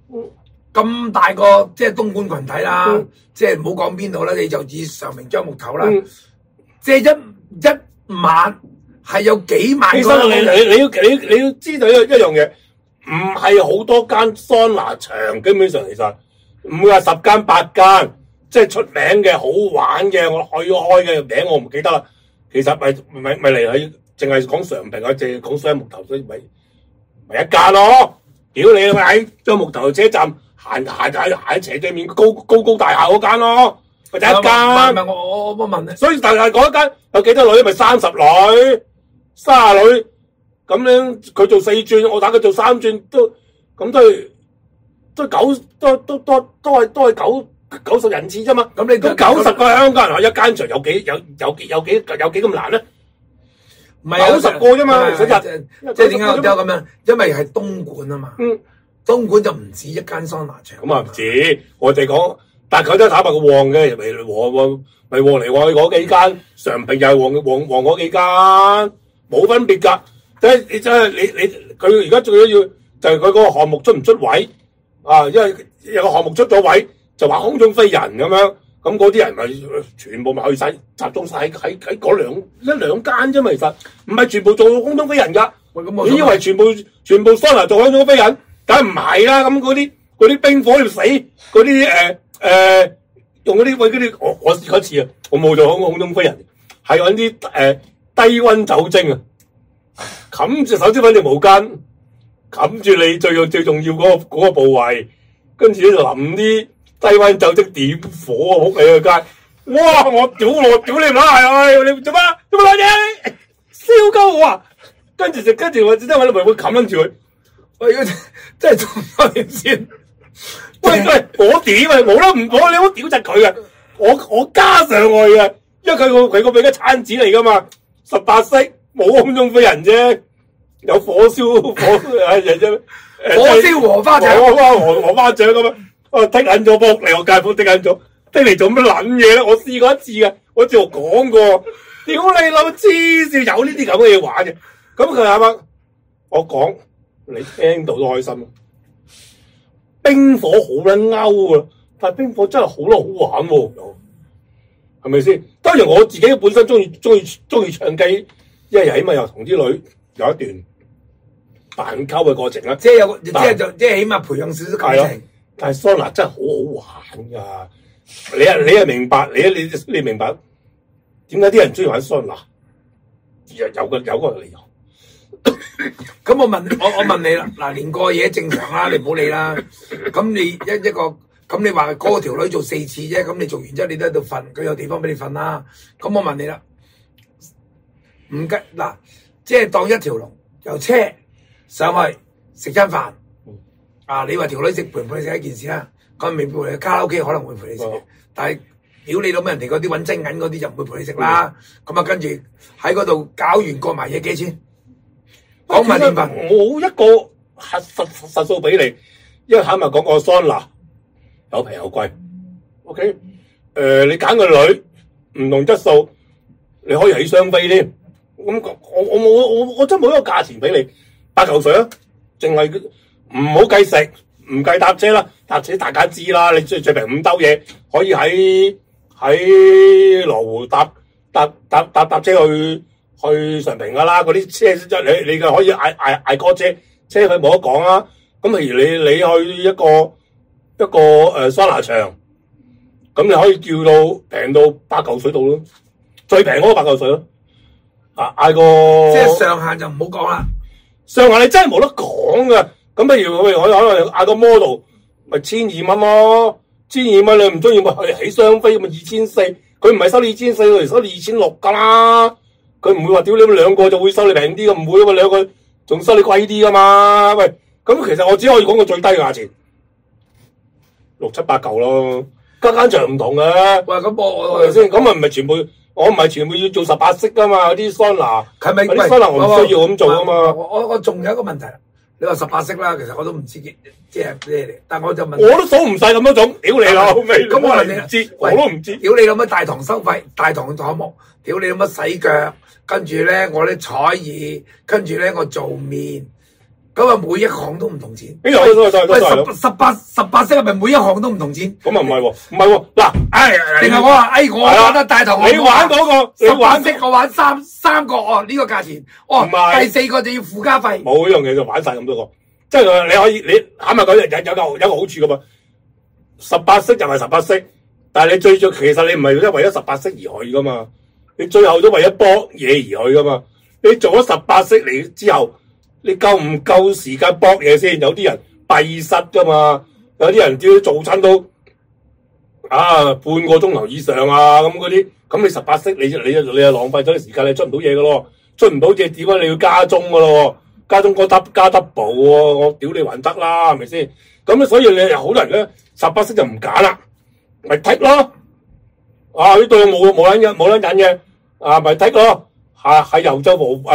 咁大個即係東莞群體啦，即係唔好講邊度啦，你就以常平樟木頭啦，即係一一晚係有幾萬。其實你你你要你你要知道一一樣嘢，唔係好多間桑拿場，基本上其實唔會話十間八間，即係出名嘅好玩嘅我去開嘅名我唔記得啦。其實咪咪咪嚟，去，淨係講常平，我淨係講樟木頭，所以咪咪一家咯。屌你個閪，喺樟木頭車站。行行就喺行喺斜對面高高高大廈嗰間咯，咪就一間。唔係唔係我我我唔問你。所以但係嗰間有幾多女？咪三十女、卅女咁樣。佢做四轉，我打佢做三轉，都咁都都九都都都都係都係九九十人次啫嘛。咁你都九十個香港人喺一間場有幾有有幾有幾有幾咁難咧？九十個啫嘛。即係點解我屌咁樣？因為係東莞啊嘛。東莞就唔止一間桑拿場啊，唔止，我哋講，但係佢都係坦白個旺嘅，咪旺旺咪旺嚟旺去嗰幾間，常平又旺旺旺嗰幾間，冇分別噶。即係，你真係你你佢而家最緊要就係佢個項目出唔出位啊？因為有一個項目出咗位，就話空中飛人咁樣，咁嗰啲人咪全部咪去晒，集中晒喺喺嗰兩一兩間啫，其實唔係全部做空中飛人噶。你以為全部全部桑拿做空中飛人？梗係唔係啦！咁嗰啲啲冰火要死，嗰啲誒誒用嗰啲喂，嗰啲我我試過一次啊，我冇做，我我做乜人？係揾啲誒低溫酒精啊，冚住手指揾條毛巾，冚住你最最重要嗰、嗰個嗰個部位，跟住咧就淋啲低溫酒精點火啊！屋企個街，哇！我屌我屌你啦！係、哎、你做乜做乜攞嘢？燒鳩我！啊，跟住就跟住我直接我啲毛巾冚拎住佢。 在笑 喂，要真係做翻點先？喂喂， 我屌！啊？冇啦，唔你好，屌柒佢嘅，我我， 我，我加上去嘅，因為佢個佢個俾個餐紙嚟噶嘛，十八式冇空中飛人啫，有火燒火啊人啫，火燒黃、啊 就是、花茶，黃 花黃黃荷花掌咁我踢緊咗波嚟，我界波踢緊咗，踢嚟做乜卵嘢咧？我試過一次嘅，我之前講過，屌你老少有呢啲咁嘅嘢玩嘅？咁佢係咪？我講。你聽到都開心，冰火好撚勾喎，但係冰火真係好咯，好玩喎、啊，係咪先？當然我自己本身中意中意中意唱 K，因為起碼又同啲女有一段扮溝嘅過程啦，即係有個即係即係起碼培養少少感情、啊。但係桑拿真係好好玩噶、啊，你啊你係明白？你你你明白點解啲人中意玩桑拿？有個有個理由。咁 我問 我我問你啦，嗱，連過夜正常啦，你唔好理啦。咁你一一個，咁你話嗰個條女做四次啫，咁你做完之後你都喺度瞓，佢有地方俾你瞓啦。咁我問你啦，唔急嗱，即係當一條龍由車上去食餐飯，啊，你話條女食陪唔陪你食一件事啦，佢未必會卡拉 OK 可能會陪你食、哦，但係屌你老味，人哋嗰啲搵真銀嗰啲就唔會陪你食啦。咁啊，跟住喺嗰度搞完過埋夜幾錢？講埋點吧，我一個實實實數俾你，因為坦白講個桑拿，有平有貴，O K，誒你揀個女唔同質素，你可以起雙飛添，咁我我我我，我真冇一個價錢俾你，八嚿水淨係唔好計食，唔計搭車啦，搭車大家知啦，你最最平五兜嘢可以喺喺羅湖搭搭搭搭搭，搭，搭，搭車去。去常平噶啦，嗰啲車你你就可以嗌嗌嗌哥姐，車佢冇得講啦。咁譬如你你去一個一個誒桑拿場，咁你可以叫到平到八嚿水度咯，最平嗰個八嚿水咯。吓嗌個即係上限就唔好講啦，啊、上限你真係冇得講噶。咁譬如我我可能嗌個 model 咪千二蚊咯，千二蚊你唔中意咪去起雙飛咪二千四，佢唔係收你二千四，佢收你二千六噶啦。佢唔會話屌你，兩個就會收你平啲嘅，唔會啊嘛，兩個仲收你貴啲噶嘛？喂，咁其實我只可以講個最低嘅價錢，六七八嚿咯。間間場唔同嘅。喂，咁我，係先？咁咪唔係全部？啊、我唔係全部要做十八式噶嘛？啲桑拿，係咪貴啲桑拿？我唔需要咁做啊嘛。我我仲有一個問題，你話十八式啦，其實我都唔知嘅，即係咩嚟？但我就問，我都數唔晒咁多種。屌你老咁我唔知，我都唔知。屌你諗乜大堂收費？大堂按摩，屌你諗乜洗腳？跟住咧，我啲彩耳，跟住咧我做面，咁啊每一行都唔同錢。邊、欸、個？喂，十十八十八色係咪每一行都唔同錢？咁、哦哦、啊唔係喎，唔係喎。嗱，係，定我話，哎，我玩得帶頭，你玩嗰、那個，你玩色、那個，我玩三三個哦，呢、這個價錢哦，第四個就要附加費。冇呢樣嘢就玩晒咁多個，即係你可以，你諗下嗰日有有個有個好處噶嘛？十八色就係十八色，但係你最着其實你唔係因為咗十八色而去噶嘛？你最後都為咗搏嘢而去噶嘛？你做咗十八式嚟之後，你夠唔夠時間搏嘢先？有啲人閉塞噶嘛，有啲人叫要做親都啊半個鐘頭以上啊咁嗰啲，咁你十八式你你你又浪費咗時間，你出唔到嘢噶咯？出唔到嘢點解你要加鐘噶咯？加鐘加 double 喎，我屌你還得啦，係咪先？咁所以你好多人咧十八式就唔揀啦，咪踢咯。啊！呢度冇冇卵癮，冇卵癮嘅，啊咪睇過，啊喺油浸胡誒，係、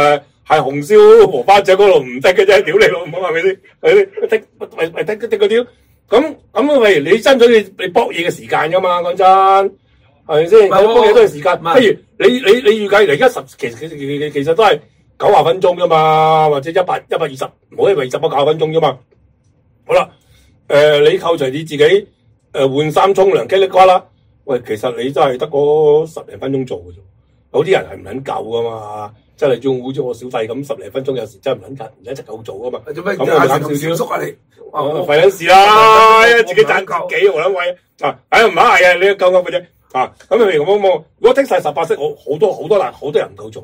呃、紅燒胡巴，就嗰度唔得嘅啫，屌你老母，係咪先？係咪得？啲？咁咁，譬如你爭取你你搏嘢嘅時間噶嘛，講真，係咪先？搏嘢都係時間。不，間不如你你你預計嚟一十，其實其實其實都係九廿分鐘噶嘛，或者一百一百二十，唔好以為十百九廿分鐘啫嘛。好啦，誒、呃，你扣除你自己誒換衫、沖、呃、涼、嘰里呱啦。喂，其實你真係得嗰十零分鐘做嘅啫，有啲人係唔肯夠嘅嘛，真係用好似我小費咁十零分鐘，有時真係唔肯夠，唔一隻夠做啊嘛。做咩咁慘少少？叔、嗯、啊，你費緊事啦，自己賺夠幾我諗啊？哎呀，唔、哎、啊，係、嗯、啊，你夠啱嘅啫啊。咁譬如冇，如果剔晒十八式，我好多好多難，好多人唔夠做。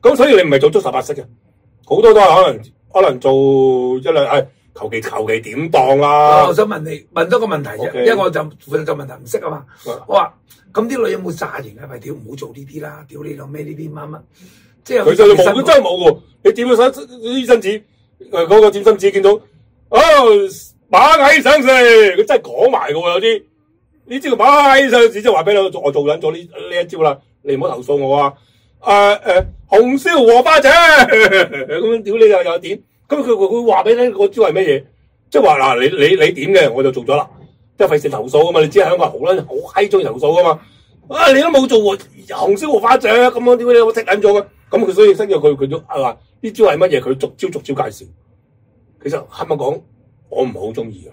咁所以你唔係做足十八式嘅，好多都係可能可能做一兩、哎求其求其點當啦！我想問你問多個問題啫，okay. 因為我就我就,就問題唔識啊嘛。我話咁啲女有冇炸型啊？咪屌唔好做呢啲啦，屌你老咩呢啲乜乜，即係佢就冇，真係冇喎。你點個身，醫生紙嗰、呃那個點身紙見到、啊、哦，螞蟻上食，佢真係講埋㗎喎有啲。呢招螞蟻上食即係話俾你我做，我做緊做呢呢一,一招啦，你唔好投訴我啊！誒、呃、誒、呃，紅燒和花姐咁屌你又又點？咁佢佢佢話俾你聽，個招係乜嘢？即係話嗱，你你你點嘅，我就做咗啦。即係費事投訴啊嘛！你知香港好撚好閪中意投訴噶嘛？啊，你都冇做，紅燒五花掌咁樣點解我踢撚咗嘅。咁佢所以識咗佢，佢都話呢招係乜嘢？佢逐招逐招介紹。其實咁樣講，我唔好中意嘅。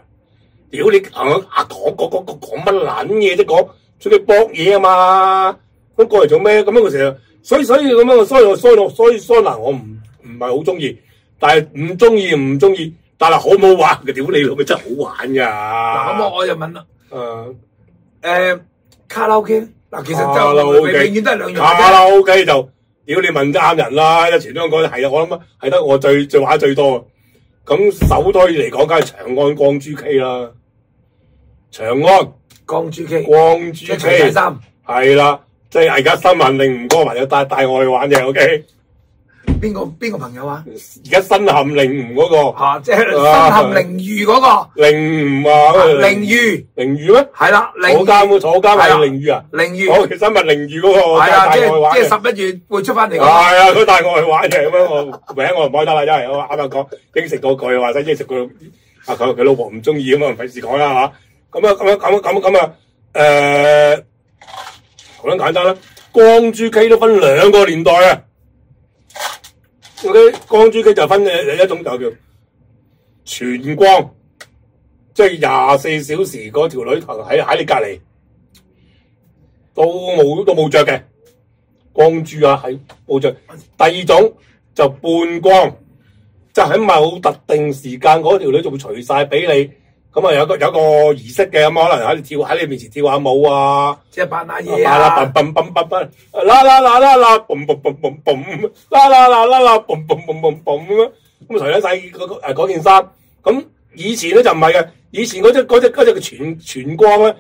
屌你啊！講講講講乜撚嘢啫？講、啊啊啊啊、出以搏嘢啊嘛。咁、啊、過嚟做咩？咁樣嘅時候，所以所以咁樣、啊、所以、啊、所以所以所以難，我唔唔係好中意。啊但係唔中意唔中意，但係好唔好玩嘅、啊，屌你老味真係好玩噶！嗱，咁啊，我就問啦，誒、呃、卡拉 OK 嗱，卡拉 OK，其實就永遠都係兩樣嘅。卡拉 OK 就屌你問啱人啦，一前兩個係啦，我諗係得我最最，最玩得最多。咁首推嚟講，梗係長安光珠 K 啦，長安光珠 K，光珠 K，第三，係啦，即係而家新聞令唔多埋，有帶帶我去玩嘅，OK。邊個邊個朋友啊？而家身陷囹圄嗰個，吓即係身陷囹圄嗰個，囹圄啊，囹圄，囹圄咩？係啦，坐監，坐監咪係囹圄啊？囹圄，好，其實玩囹圄嗰個，我啊，即係十一月會出翻嚟。係 啊，佢帶我去玩嘅咁樣，我搵我唔開得啦，因為啱啱講應承過佢，或者應承過。佢佢老婆唔中意咁啊，唔費事講啦吓。咁樣咁樣咁啊咁啊咁啊，誒，好簡單啦，光珠 K 都分兩個年代啊。我啲光豬，佢就分嘅，有一種就叫全光，即係廿四小時嗰條女喺喺你隔籬，都冇都冇着嘅光豬啊，喺冇着。第二種就半光，即係喺某特定時間嗰條女仲會除晒畀你。咁啊，有個有個儀式嘅，咁可能喺你跳喺你面前跳下舞啊，即係扮下嘢啊，嘣嘣嘣嘣嘣，啦啦啦啦啦，嘣嘣嘣嘣嘣，啦啦啦啦啦，嘣嘣嘣嘣嘣，咁啊除低曬嗰誒嗰件衫，咁以前咧就唔係嘅，以前嗰隻嗰隻嗰隻全全光咧，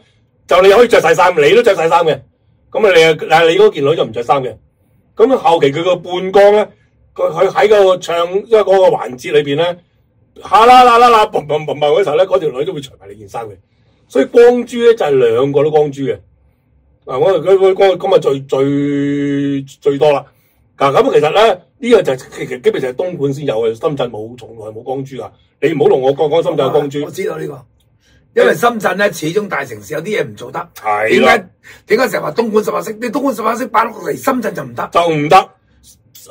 就你可以著曬衫，你都著曬衫嘅，咁啊你啊你件女就唔著衫嘅，咁後期佢個半光咧，佢佢喺嗰個唱即係嗰個環節裏邊咧。下啦啦啦啦，砰砰砰砰嗰時候咧，嗰條女都會除埋你件衫嘅，所以光珠咧就係、是、兩個都光珠嘅，嗱我佢佢光咁啊最最最多啦，嗱、uh, 咁其實咧呢、這個就是、其實基本上係東莞先有嘅，深圳冇，從來冇光珠噶，你唔好同我講，講深圳有光珠。我知道呢個，因為深圳咧始終大城市有啲嘢唔做得，係點解點解成日話東莞十八式？你東莞十八式擺落嚟，深圳就唔得，就唔得，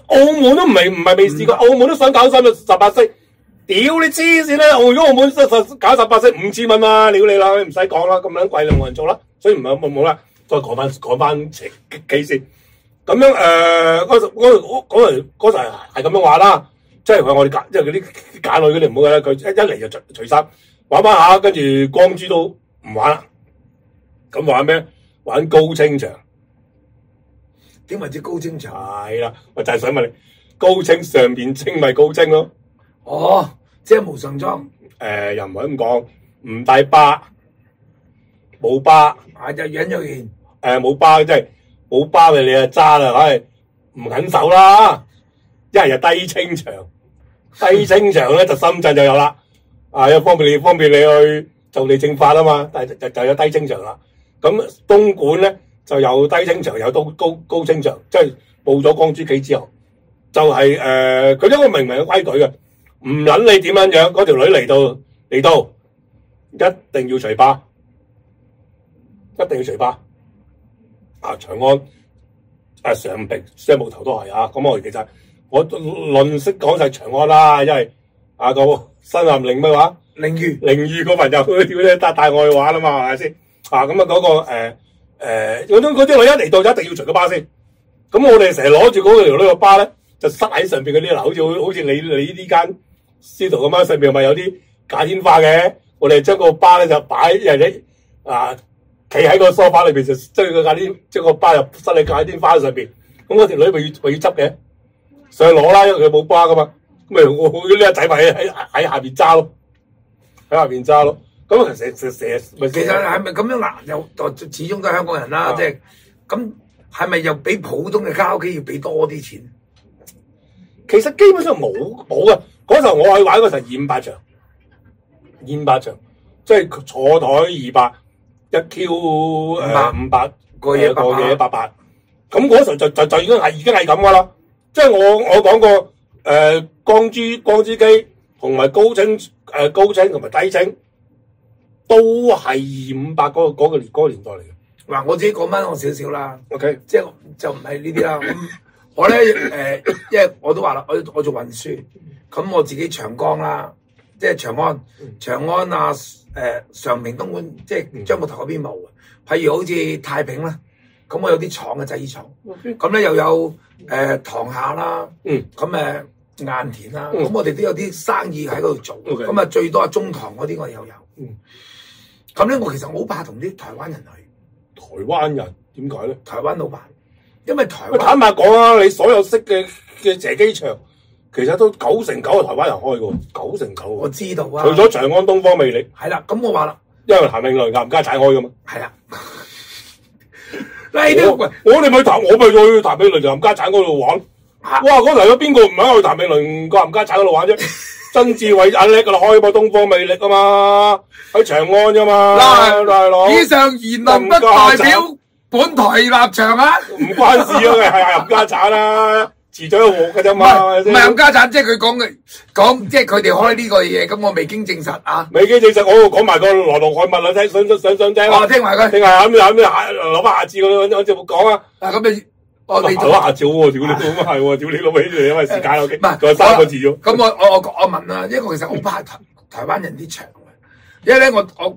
澳門都唔係唔係未試過英語，澳門都想搞深圳十八式。屌你黐線啦！我如果澳門搞十八星五千蚊嘛，屌你啦，你唔使講啦，咁撚貴兩個人做啦，所以唔好唔好啦，再講翻講翻幾先！咁樣誒嗰陣嗰嗰陣陣係咁樣話啦，即係我哋假即係嗰啲假女嗰啲唔好啦，佢一一嚟就除衫玩玩下，跟住光豬都唔玩啦，咁玩咩？玩高清場點為之高清場啦？我就係想問你，高清上邊清咪、就是、高清咯？哦。即係無上裝，誒、呃、又唔係咁講，唔帶巴，冇巴，係、啊呃、就軟咗完。誒冇巴即係冇巴俾你啊揸啦，唉唔肯手啦，一係又低清場，低清場咧就深圳就有啦， 啊方，方便你方便你去就地正法啊嘛，但係就就有低清場啦。咁東莞咧就有低清場，有高高高清場，即係報咗光珠 K 之後，就係、是、誒，佢、呃、一個明明嘅規矩嘅。唔捻你點樣樣，嗰、那、條、個、女嚟到嚟到，一定要除疤，一定要除疤。啊，長安、啊常平、即係木頭都係啊。咁、那個就是、我其實我論識講晒長安啦，因為啊個新南寧咩話？寧玉，寧玉個朋友去去搭大愛玩啦嘛，係咪先？啊，咁、那個、啊嗰、那個誒誒，嗰啲嗰啲女一嚟到就一定要除個疤先。咁我哋成日攞住嗰條女個疤咧，就塞喺上邊嗰啲嗱，好似好似你你呢間。司徒咁啱，上面咪有啲假天花嘅。我哋將個包咧就擺，人哋啊企喺個梳化裏邊就將個假天，將個包入塞你假天花上面。咁我條女咪要咪要執嘅，上去攞啦，因為佢冇包噶嘛。咁咪我我啲阿仔咪喺喺下邊揸咯，喺下邊揸咯。咁成成成咪其實係咪咁樣難又就始終都係香港人啦，即係咁係咪又比普通嘅屋企要俾多啲錢？其實基本上冇冇嘅。嗰時候我去玩嗰候，二五八場，二五八場，即係坐台二百一 Q、呃、五百,五百,、呃、百,百個嘢個嘢一百八，咁嗰時候就就就已經係已經係咁噶啦，即係我我講過誒光、呃、珠光之機同埋高清誒、呃、高清同埋低清都係二五八嗰、那個那個年、那個年代嚟嘅。嗱、呃，我自己講翻我少少啦，o k 即係就唔係呢啲啦。我咧誒，即、呃、係我都話啦，我我做運輸。咁我自己長江啦，即、就、係、是、長安、嗯、長安啊，誒常平、長明東莞，即係樟木頭嗰邊冇啊、嗯。譬如好似太平啦，咁我有啲廠嘅製衣廠，咁、嗯、咧又有誒塘、呃、廈啦，咁誒雁田啦，咁、嗯嗯、我哋都有啲生意喺嗰度做。咁、嗯、啊、okay. 最多啊中堂嗰啲我又有。咁、嗯、咧我其實好怕同啲台灣人去。台灣人點解咧？台灣老闆因為台坦白講啊，你所有識嘅嘅謝機場。其實都九成九係台灣人開嘅，九成九個。我知道啊。除咗長安、東方魅力。係啦，咁我話啦，因為譚詠麟、冚家鏟開噶嘛。係啦 我。 我哋咪去我咪去譚詠麟、冚家鏟嗰度玩，啊。哇！嗰頭有邊個唔係去譚詠麟、冚家鏟嗰度玩啫？ 曾志偉阿叻噶啦，個開部東方魅力噶嘛，喺長安啫嘛。嗱，啊，大佬以上言論不代表本台立場啊。唔 關事啊，係冚家鏟啦，啊。遲早又我噶啫嘛，咪唔係冚家鏟，即係佢講嘅，講即係佢哋開呢個嘢，咁我未經證實啊。未經證實，啊、我講埋個來龍去脈啦，睇想想想想仔。我聽埋佢。聽下啊，咩啊咩下攞八字，我我我冇講啊。啊，咁你我未攞八字喎？屌你，咁係喎？屌你老味嚟，因為 OK，有冇時間啊？唔係，三個字啫。咁我我我我問啦，因為其實我好怕、嗯、台台灣人啲長，因為咧我我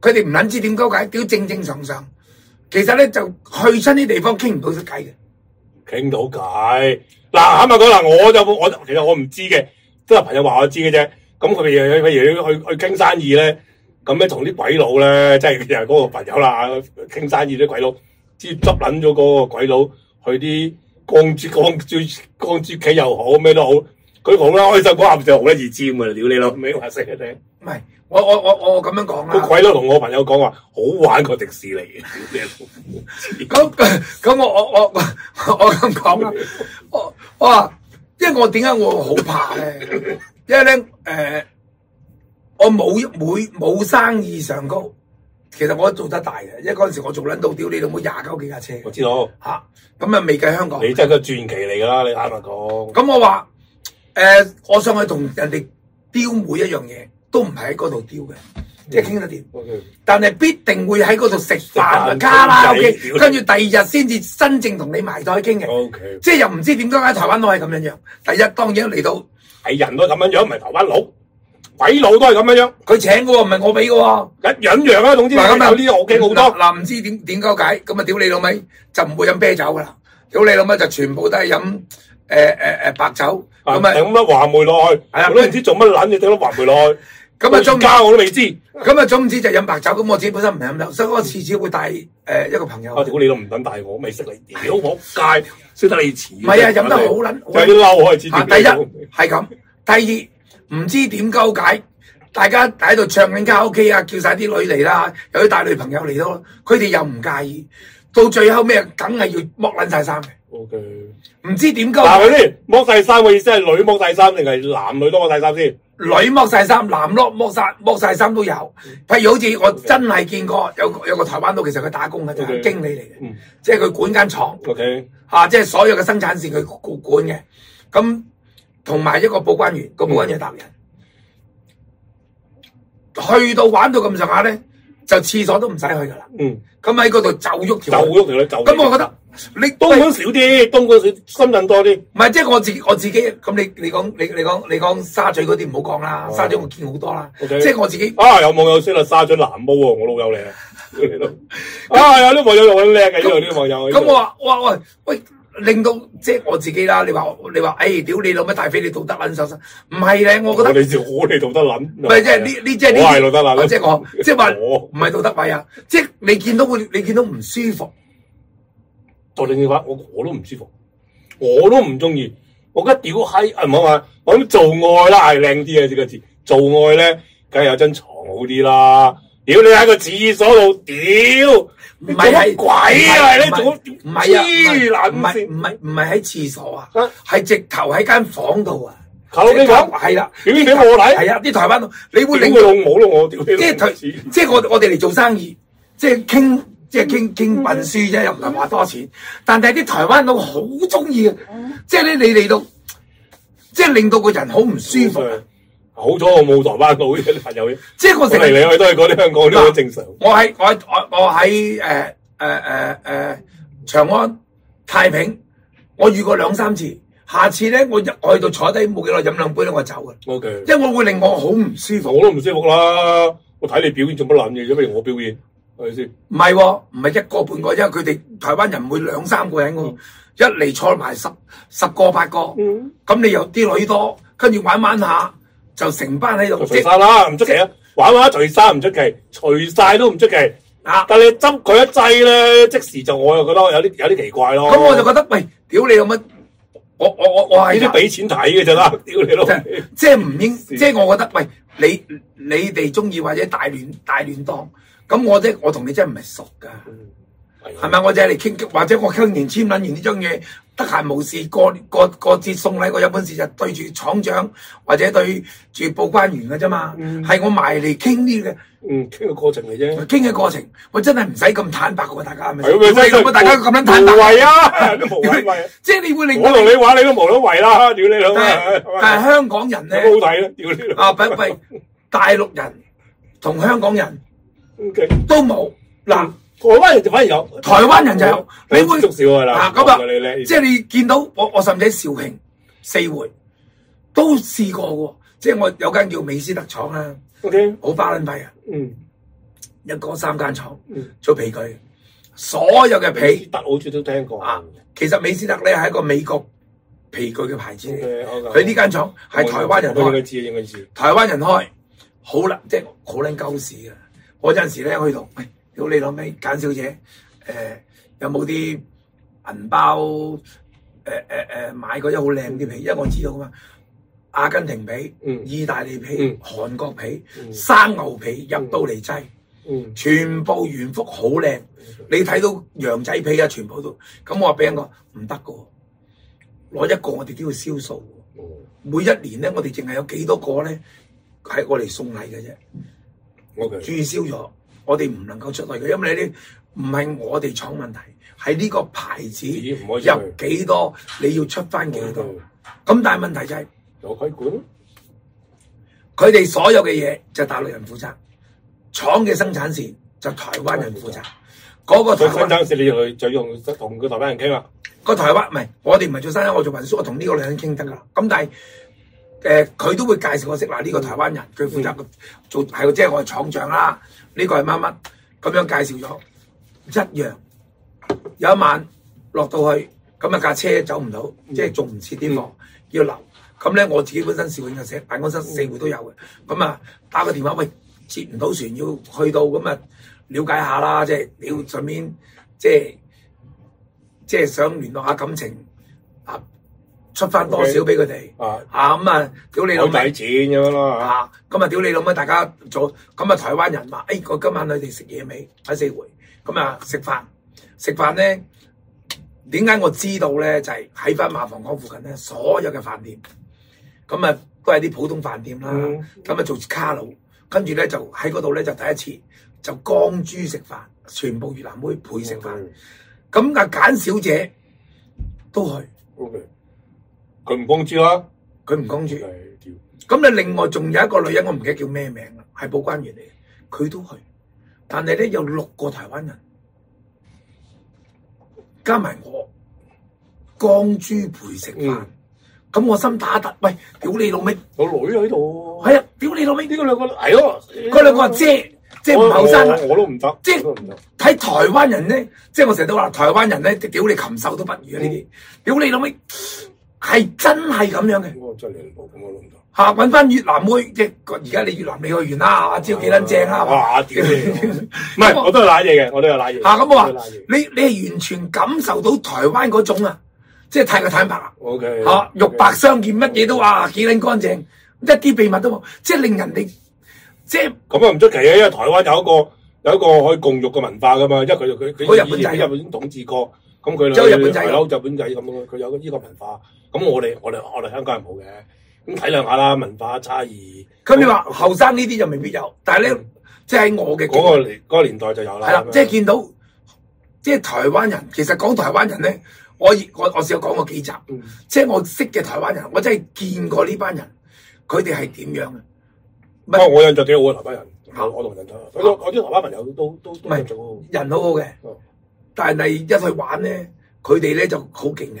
佢哋唔撚知點解，屌正正常常，其實咧就去親啲地方傾唔到啲偈嘅。傾到偈，嗱，咁啊嗱，我就我其實我唔知嘅，都係朋友話我知嘅啫。咁佢哋譬如譬如去去傾生意咧，咁咧同啲鬼佬咧，即係又嗰個朋友啦，傾生意啲鬼佬，直接執撚咗嗰個鬼佬去啲鋼珠、鋼珠、鋼珠企又好，咩都好。佢好啦，開心。講下就好得意尖喎，屌你老味話死啊！你唔係，我我我我咁樣講啦。嗰個鬼都同我朋友講話好玩過迪士尼嘅。咁 咁 我我我我咁講啦。我我話，因為我點解我好怕咧？ 因為咧誒、呃，我冇每冇生意上高，其實我做得大嘅。因為嗰陣時我做捻到屌你老母廿九幾架車。我知道吓，咁啊未計香港。你真係個傳奇嚟噶啦！你啱咪講。咁我話。誒、呃，我想去同人哋丟每一樣嘢，都唔係喺嗰度丟嘅，即係傾得掂。是 okay. 但係必定會喺嗰度食飯加啦。O K，跟住第二日先至真正同、okay. 你埋袋傾嘅。O、okay. K，即係又唔知點解台灣佬係咁樣樣。第一當然嚟到係人都咁樣樣，唔係台灣佬，鬼佬都係咁樣樣。佢請㗎喎，唔係我俾嘅喎，一樣樣啊。總之嗱咁有啲我驚好多嗱，唔知點點解咁啊？屌你老味就唔會飲啤酒㗎啦。屌你老味就全部都係飲誒誒誒白酒。咁啊，咁乜話梅落去？我都唔知做乜撚你整得話梅落去。咁啊，中唔我都未知。咁啊，總之就飲白酒。咁我自己本身唔係飲酒，所以我次次會帶誒、呃、一個朋友、啊。我屌你，哎、你都唔等帶我，我未識你。你好撲街，識得你遲。唔係啊，飲得好撚。嬲開始。第一係咁，第二唔知點溝解。 大家喺度唱緊 OK 啊，叫晒啲女嚟啦，有啲帶女朋友嚟咯。佢哋又唔介意。到最後咩梗係要剝撚晒衫 O K，唔知點解嗱？佢先剝晒衫嘅意思係女剝晒衫，定係男女都剝晒衫先？女剝晒衫，男咯剝晒，剝晒衫都有。譬如好似我真係見過，okay. 有有個台灣佬，其實佢打工嘅，就、okay. 係經理嚟嘅，嗯，即係佢管間廠。O K，吓，即係所有嘅生產線佢管嘅。咁同埋一個報關員，個報關員係達人，嗯，去到玩到咁上下咧，就廁所都唔使去噶啦。嗯，佢喺嗰度就喐條，走喐條，就咁。就就啊，我覺得。你東莞少啲，東莞少深圳多啲。唔係，即係我自我自己咁。你你講你講你講你講沙咀嗰啲唔好講啦，沙咀我見好多啦。Okay. 即係我自己。啊，有網友先啦，沙咀藍毛啊，我老友嚟啊。你有 啊，有啲網友又叻嘅，呢、哎這個呢、哎這個網友。咁、這個這個嗯、我話，哇喂喂，令到即係我自己啦。你話你話，誒、哎，屌你老咩大飛，你道德捻手生？唔係咧，我覺得。你我哋道德捻。唔係即係呢呢即係。我係老得即係我即係話，唔係道德米啊！即係你見到你見到唔舒服。我我都唔舒服，我都唔中意。我覺得屌閪，唔好話我諗做愛啦、啊，係靚啲嘅呢個字。做愛咧，梗係有張床好啲啦、啊。屌你喺個廁所度，屌做乜鬼啊？你做乜黐捻事？唔係唔係喺廁所啊？係、啊、直頭喺間房度啊，啊，啊，啊，啊，啊！你咁係啦？點、就、點、是就是、我睇？係啊，啲台灣度，你會令到我攞我屌，即係即係我我哋嚟做生意，即係傾。即係傾傾笨書啫，又唔係話多錢。但係啲台灣佬好中意嘅，即係咧你嚟到，即係令到個人好唔舒服。嗯、好彩我冇台灣佬嘅朋友，即、就、係、是、我嚟嚟去都係講啲香港啲嘢正常。就是、我喺我我我喺誒誒誒誒長安太平，我遇過兩三次。下次咧，我入去到坐低冇幾耐飲兩杯咧，我就走嘅。O、okay. K，因為我會令我好唔舒服。我都唔舒服啦。我睇你表演做乜撚嘢？不如我表演。唔係唔係一個半個，因為佢哋台灣人唔會兩三個人、嗯，一嚟坐埋十十個八個，咁、嗯、你有啲女多，跟住玩玩下就成班喺度。除曬啦，唔出奇啊！玩玩除曬唔出奇，除晒都唔出奇啊！但你執佢一劑咧，即時就我又覺得有啲有啲奇怪咯。咁、嗯嗯嗯、我就覺得喂，屌你老母，我我我我係啲俾錢睇嘅咋啦？屌你老母，即係唔應，即係、就是、我覺得喂你你哋中意或者大亂大亂當。咁我我同你真係唔係熟噶，係、嗯、咪？我就嚟傾，或者我傾完簽完呢張嘢，得閒冇事過過過節送禮，我有本事就對住廠長或者對住報關員嘅啫嘛。係我埋嚟傾呢嘅，嗯，傾嘅過、嗯、過程嚟啫，傾嘅過程，我真係唔使咁坦白嘅，大家係咪？唔大家咁捻坦白，我無為啊， 慧啊 啊 即係你會令我同你話你都無得為啦，屌你老母！但係香港人咧，好睇啊，唔、 啊、 大陸人同香港人。Okay. 都冇嗱，台灣人就反而有，台灣人就有。你會，嗱咁啊，即係你見到我，我甚至喺肇慶四會都試過喎。即係我有間叫美斯特廠啦，OK，好巴撚閉啊，嗯，一哥三間廠、嗯、做皮具，所有嘅皮，特好似都聽過啊。其實美斯特咧係一個美國皮具嘅牌子嚟，佢、okay. 呢、okay. 間廠係台灣人開，應該知，應該知，台灣人開，好啦，即係好撚鳩屎啊！我有陣時咧去到，喂、哎，屌你諗咩？簡小姐，誒、呃、有冇啲銀包？誒誒誒買嗰啲好靚啲皮，因為我知道啊嘛。阿根廷皮、意大利皮、韓國皮、生牛皮、入到嚟擠，全部原幅好靚。你睇到羊仔皮啊，全部都。咁我話俾人講，唔得㗎，攞一個我哋都要銷數。每一年咧，我哋淨係有幾多個咧係我嚟送禮嘅啫。注銷咗，我哋唔能夠出嚟嘅，因為啲唔係我哋廠問題，喺呢個牌子入幾多可以，你要出翻幾多。咁 但係問題就係、是，有規管，佢哋所有嘅嘢就大陸人負責，廠嘅生產線就台灣人負責。嗰個生產線你又又要同同個台灣人傾啦。嗰個台灣唔係，我哋唔係做生產，我做運輸，我同呢個女人傾得噶啦。咁但係。誒、呃、佢都會介紹我識埋呢、這個台灣人，佢負責做係、嗯、即係我廠長啦。呢、這個係乜乜咁樣介紹咗一樣。有一晚落到去咁啊，架車走唔到，即係仲唔切啲貨要留。咁咧我自己本身少嘅車，辦公室四會都有嘅。咁、嗯、啊打個電話喂，接唔到船要去到咁啊，了解下啦，即係你要順便即係即係想聯絡下感情。出翻多少俾佢哋啊？咁啊！屌你老，唔抵錢咁樣咯嚇。咁啊，屌你老味？大家做咁啊，台灣人話：哎，我今晚你哋食嘢未？喺四回。」咁啊，食飯食飯咧，點解我知道咧？就係喺翻麻房港附近咧，所有嘅飯店咁啊，都係啲普通飯店啦。咁、嗯、啊，就做卡佬，跟住咧就喺嗰度咧就第一次就光豬食飯，全部越南妹陪食飯。咁、okay. 啊，簡小姐都去。Okay. 佢唔公住啦、啊，佢唔公住。咁你另外仲有一個女人，我唔記得叫咩名啦，係報關員嚟，佢都去。但係咧，有六個台灣人，加埋我，江豬陪食飯。咁、嗯、我心打突，喂，屌你老味，有女喺度。係啊，屌你老味，呢個兩個係咯，嗰、哎兩，哎哎、兩個姐，哎、姐唔、哎、後生啊，我都唔得，即唔睇台灣人咧，即、就、係、是、我成日都話台灣人咧，屌你禽獸都不如啊！呢、嗯、啲，屌你老味。係真係咁樣嘅，咁我真嚟唔到，咁我都唔同。嚇，揾翻越南妹，即而家你越南未去完啦、啊，知道幾撚正啊，哇、啊！屌、啊，唔、啊、係、啊 哪有， 我都係揦嘢嘅，我都係揦嘢。嚇、啊、咁我話，你你係完全感受到台灣嗰種啊，即係太過坦白、啊。O K，嚇，肉、okay, 白相見，乜嘢都啊, okay, 啊幾撚乾淨，一啲秘密都冇，即係令人哋。即係咁又唔出奇啊！因為台灣有一個有一個可以共育嘅文化噶嘛，因為佢佢佢以前佢日本統治過，咁佢就日本仔，日本仔咁咯，佢有依個文化。嗯咁我哋我哋我哋香港人冇嘅，咁體諒下啦，文化差異。咁你話後生呢啲就未必有，但係咧，即係我嘅嗰個年嗰個年代就有啦。係啦，即係見到，即係台灣人。其實講台灣人咧，我我我試過講過幾集，即係、嗯、我識嘅台灣人，我真係見過呢班人，佢哋係點樣啊？不過我印象幾好嘅台灣人，我同人哋，我我啲台灣朋友都、啊、都都唔係人好好嘅、嗯，但係一去玩咧，佢哋咧就好勁嘅。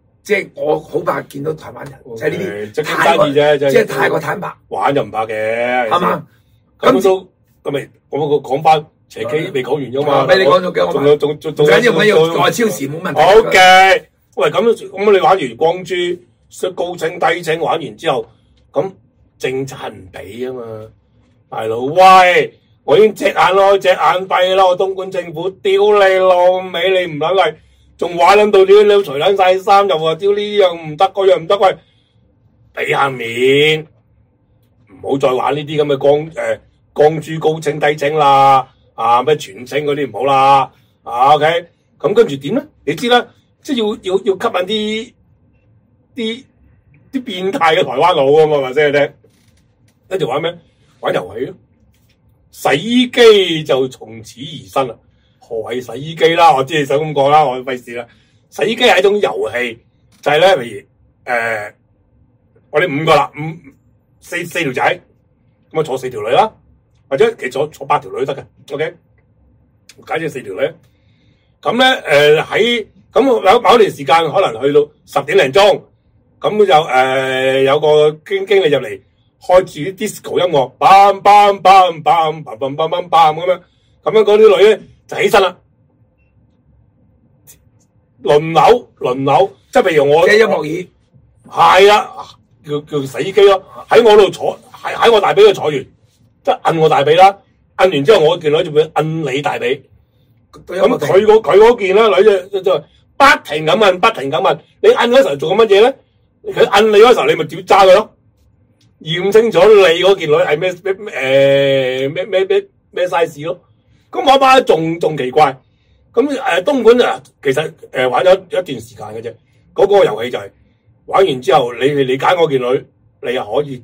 即係我好怕見到台灣人喺呢啲，即係太過，即係太過坦白玩就唔怕嘅，係、嗯、嘛？咁都咁咪我個廣巴斜 K 未講完啊嘛，俾你講咗幾多？仲有仲仲仲仲仲，我，我超時冇問題。好、okay, 嘅，okay, 喂咁咁你玩完光珠，即高清低清玩完之後，咁政策唔俾啊嘛，大佬喂，我已經隻眼開隻眼閉咯，我東莞政府屌你老尾，我你唔撚仲玩捻到屌屌除捻晒衫又話屌呢樣唔得嗰樣唔得，喂！俾下面，唔好再玩呢啲咁嘅光、呃、光珠高清低清啦，啊咩全清嗰啲唔好啦，啊 OK。咁跟住點咧？你知啦，即係要要要吸引啲啲啲變態嘅台灣佬啊嘛，話聲你聽，跟住玩咩？玩遊戲咯，洗衣機就從此而生啦。我係洗衣機啦，我知你想咁講啦，我費事啦。洗衣機係一種遊戲，就係、是、咧，譬如誒、呃，我哋五個啦，五四四條仔，咁啊坐四條女啦，或者佢坐坐八條女得嘅，O K，假設四條女，咁咧誒喺咁某某段時間，可能去到十點零鐘，咁就誒、呃、有個經經理入嚟開住 disco 音樂 bang bang bang bang bang bang bang 咁樣，咁樣嗰啲女咧。起身啦，輪流輪流，即係譬如我嘅音樂椅，係啊，叫叫死機咯。喺我度坐，喺喺我大髀度坐完，即係摁我大髀啦。摁完之後我的的，我件女就會摁你大髀，咁佢嗰佢件啦女嘅就不停咁按，不停咁按。你摁嗰時候做緊乜嘢咧？佢摁你嗰時候，你咪照揸佢咯，驗清楚你嗰件女係咩咩誒咩咩咩咩 size 咯。咁玩法仲仲奇怪，咁誒、呃，東莞啊，其實誒、呃、玩咗一,一段時間嘅啫。嗰、那個遊戲就係、是、玩完之後，你你揀我件女，你又可以，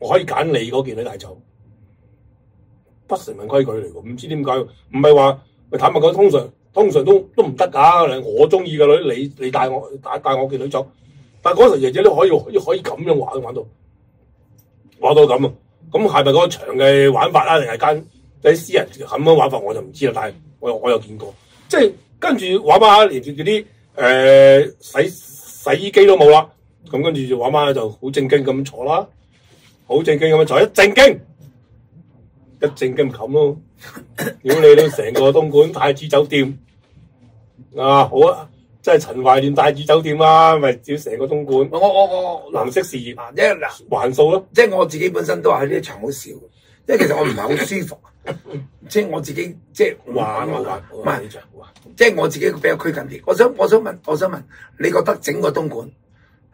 我可以揀你嗰件女帶走。不成文規矩嚟嘅，唔知點解，唔係話，坦白講，通常通常都都唔得噶。我中意嘅女，你你帶我帶帶我件女走。但嗰時姐姐都可以可以咁樣玩，玩到玩到咁啊！咁係咪嗰個場嘅玩法啊，定係間？你私人咁樣玩法我就唔知啦，但係我我有見過，即係跟住玩媽連住啲誒洗洗衣機都冇啦，咁跟住玩媽就好正經咁坐啦，好正經咁坐，一正經一正經冚咯，屌 你都成個東莞 太子酒店啊！好啊，即係陳懷念太子酒店啦，咪照成個東莞我我我，藍色事業、啊啊，即係嗱，還數咯，即係我自己本身都係喺呢一場好少，即係其實我唔係好舒服。 即係我自己，即係玩啊玩，即係、唔係、我自己比較拘謹啲。我想我想問，我想問，你覺得整個東莞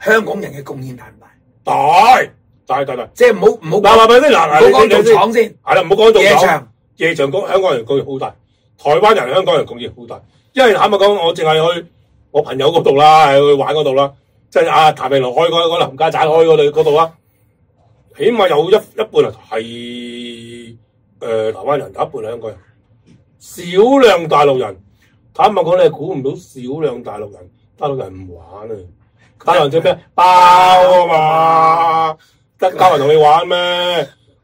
香港人嘅貢獻大唔大？大，大大大。即係唔好唔好。嗱，話埋先，先，先，唔好講造廠。先係啦，唔好講到夜場，夜場，講香港人貢獻好大，台灣人香港人貢獻好大。因為坦白講，我淨係去我朋友嗰度啦，去玩嗰度啦，即係啊，譚平路開嗰嗰個林家仔開嗰度嗰度啊，起碼有一一半係。誒、呃，台灣人打一半兩個人，少量大陸人，坦白講，你係估唔到少量大陸人，大陸人唔玩啊！大陸做咩包啊嘛？得交人同你玩咩？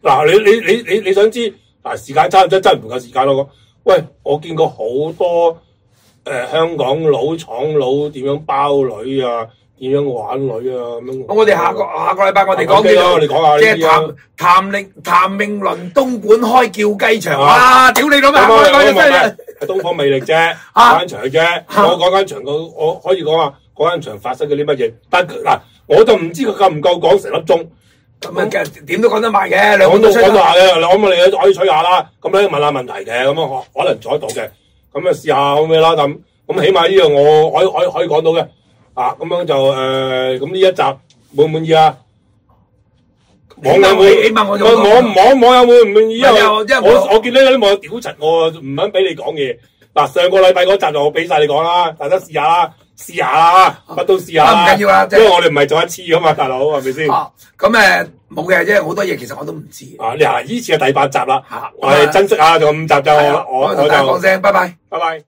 嗱，你你你你你想知？嗱，時間差唔多，真係唔夠時間咯。我講，喂，我見過好多誒、呃、香港佬、廠佬點樣包女啊！點樣玩女啊？咁我哋下個下個禮拜我哋講、啊、下即係譚譚令譚詠麟東莞開叫雞場啊！屌你老味，東方魅力啫，間場啫。我講間場，我可以講下嗰間場發生咗啲乜嘢。但嗱，我就唔知佢夠唔夠講成粒鐘。咁啊，點都講得埋嘅，兩都講埋嘅。下我你我咪可以取下啦。咁咧問下問題嘅，咁啊可可能載到嘅。咁啊試下咁樣啦，咁咁起碼呢樣我可可可以講到嘅。啊，咁樣就誒，咁、呃、呢一集滿唔滿意啊？網友會，起碼我網網網友會唔滿意？因為我我見到有啲網友屌柒我，唔肯俾你講嘢。嗱，上個禮拜嗰集就我俾晒你講啦，大家試下啦，試下啦，乜都試下唔、啊、緊要啊。因為我哋唔係做一次噶嘛，大佬係咪先？咁誒冇嘅，因為好多嘢其實我都唔知。啊，你啊，呢次係第八集啦，嚇、啊！我哋珍惜下就、啊、仲有五集就我我，我，聊聊我就。大家講聲，拜拜，拜拜。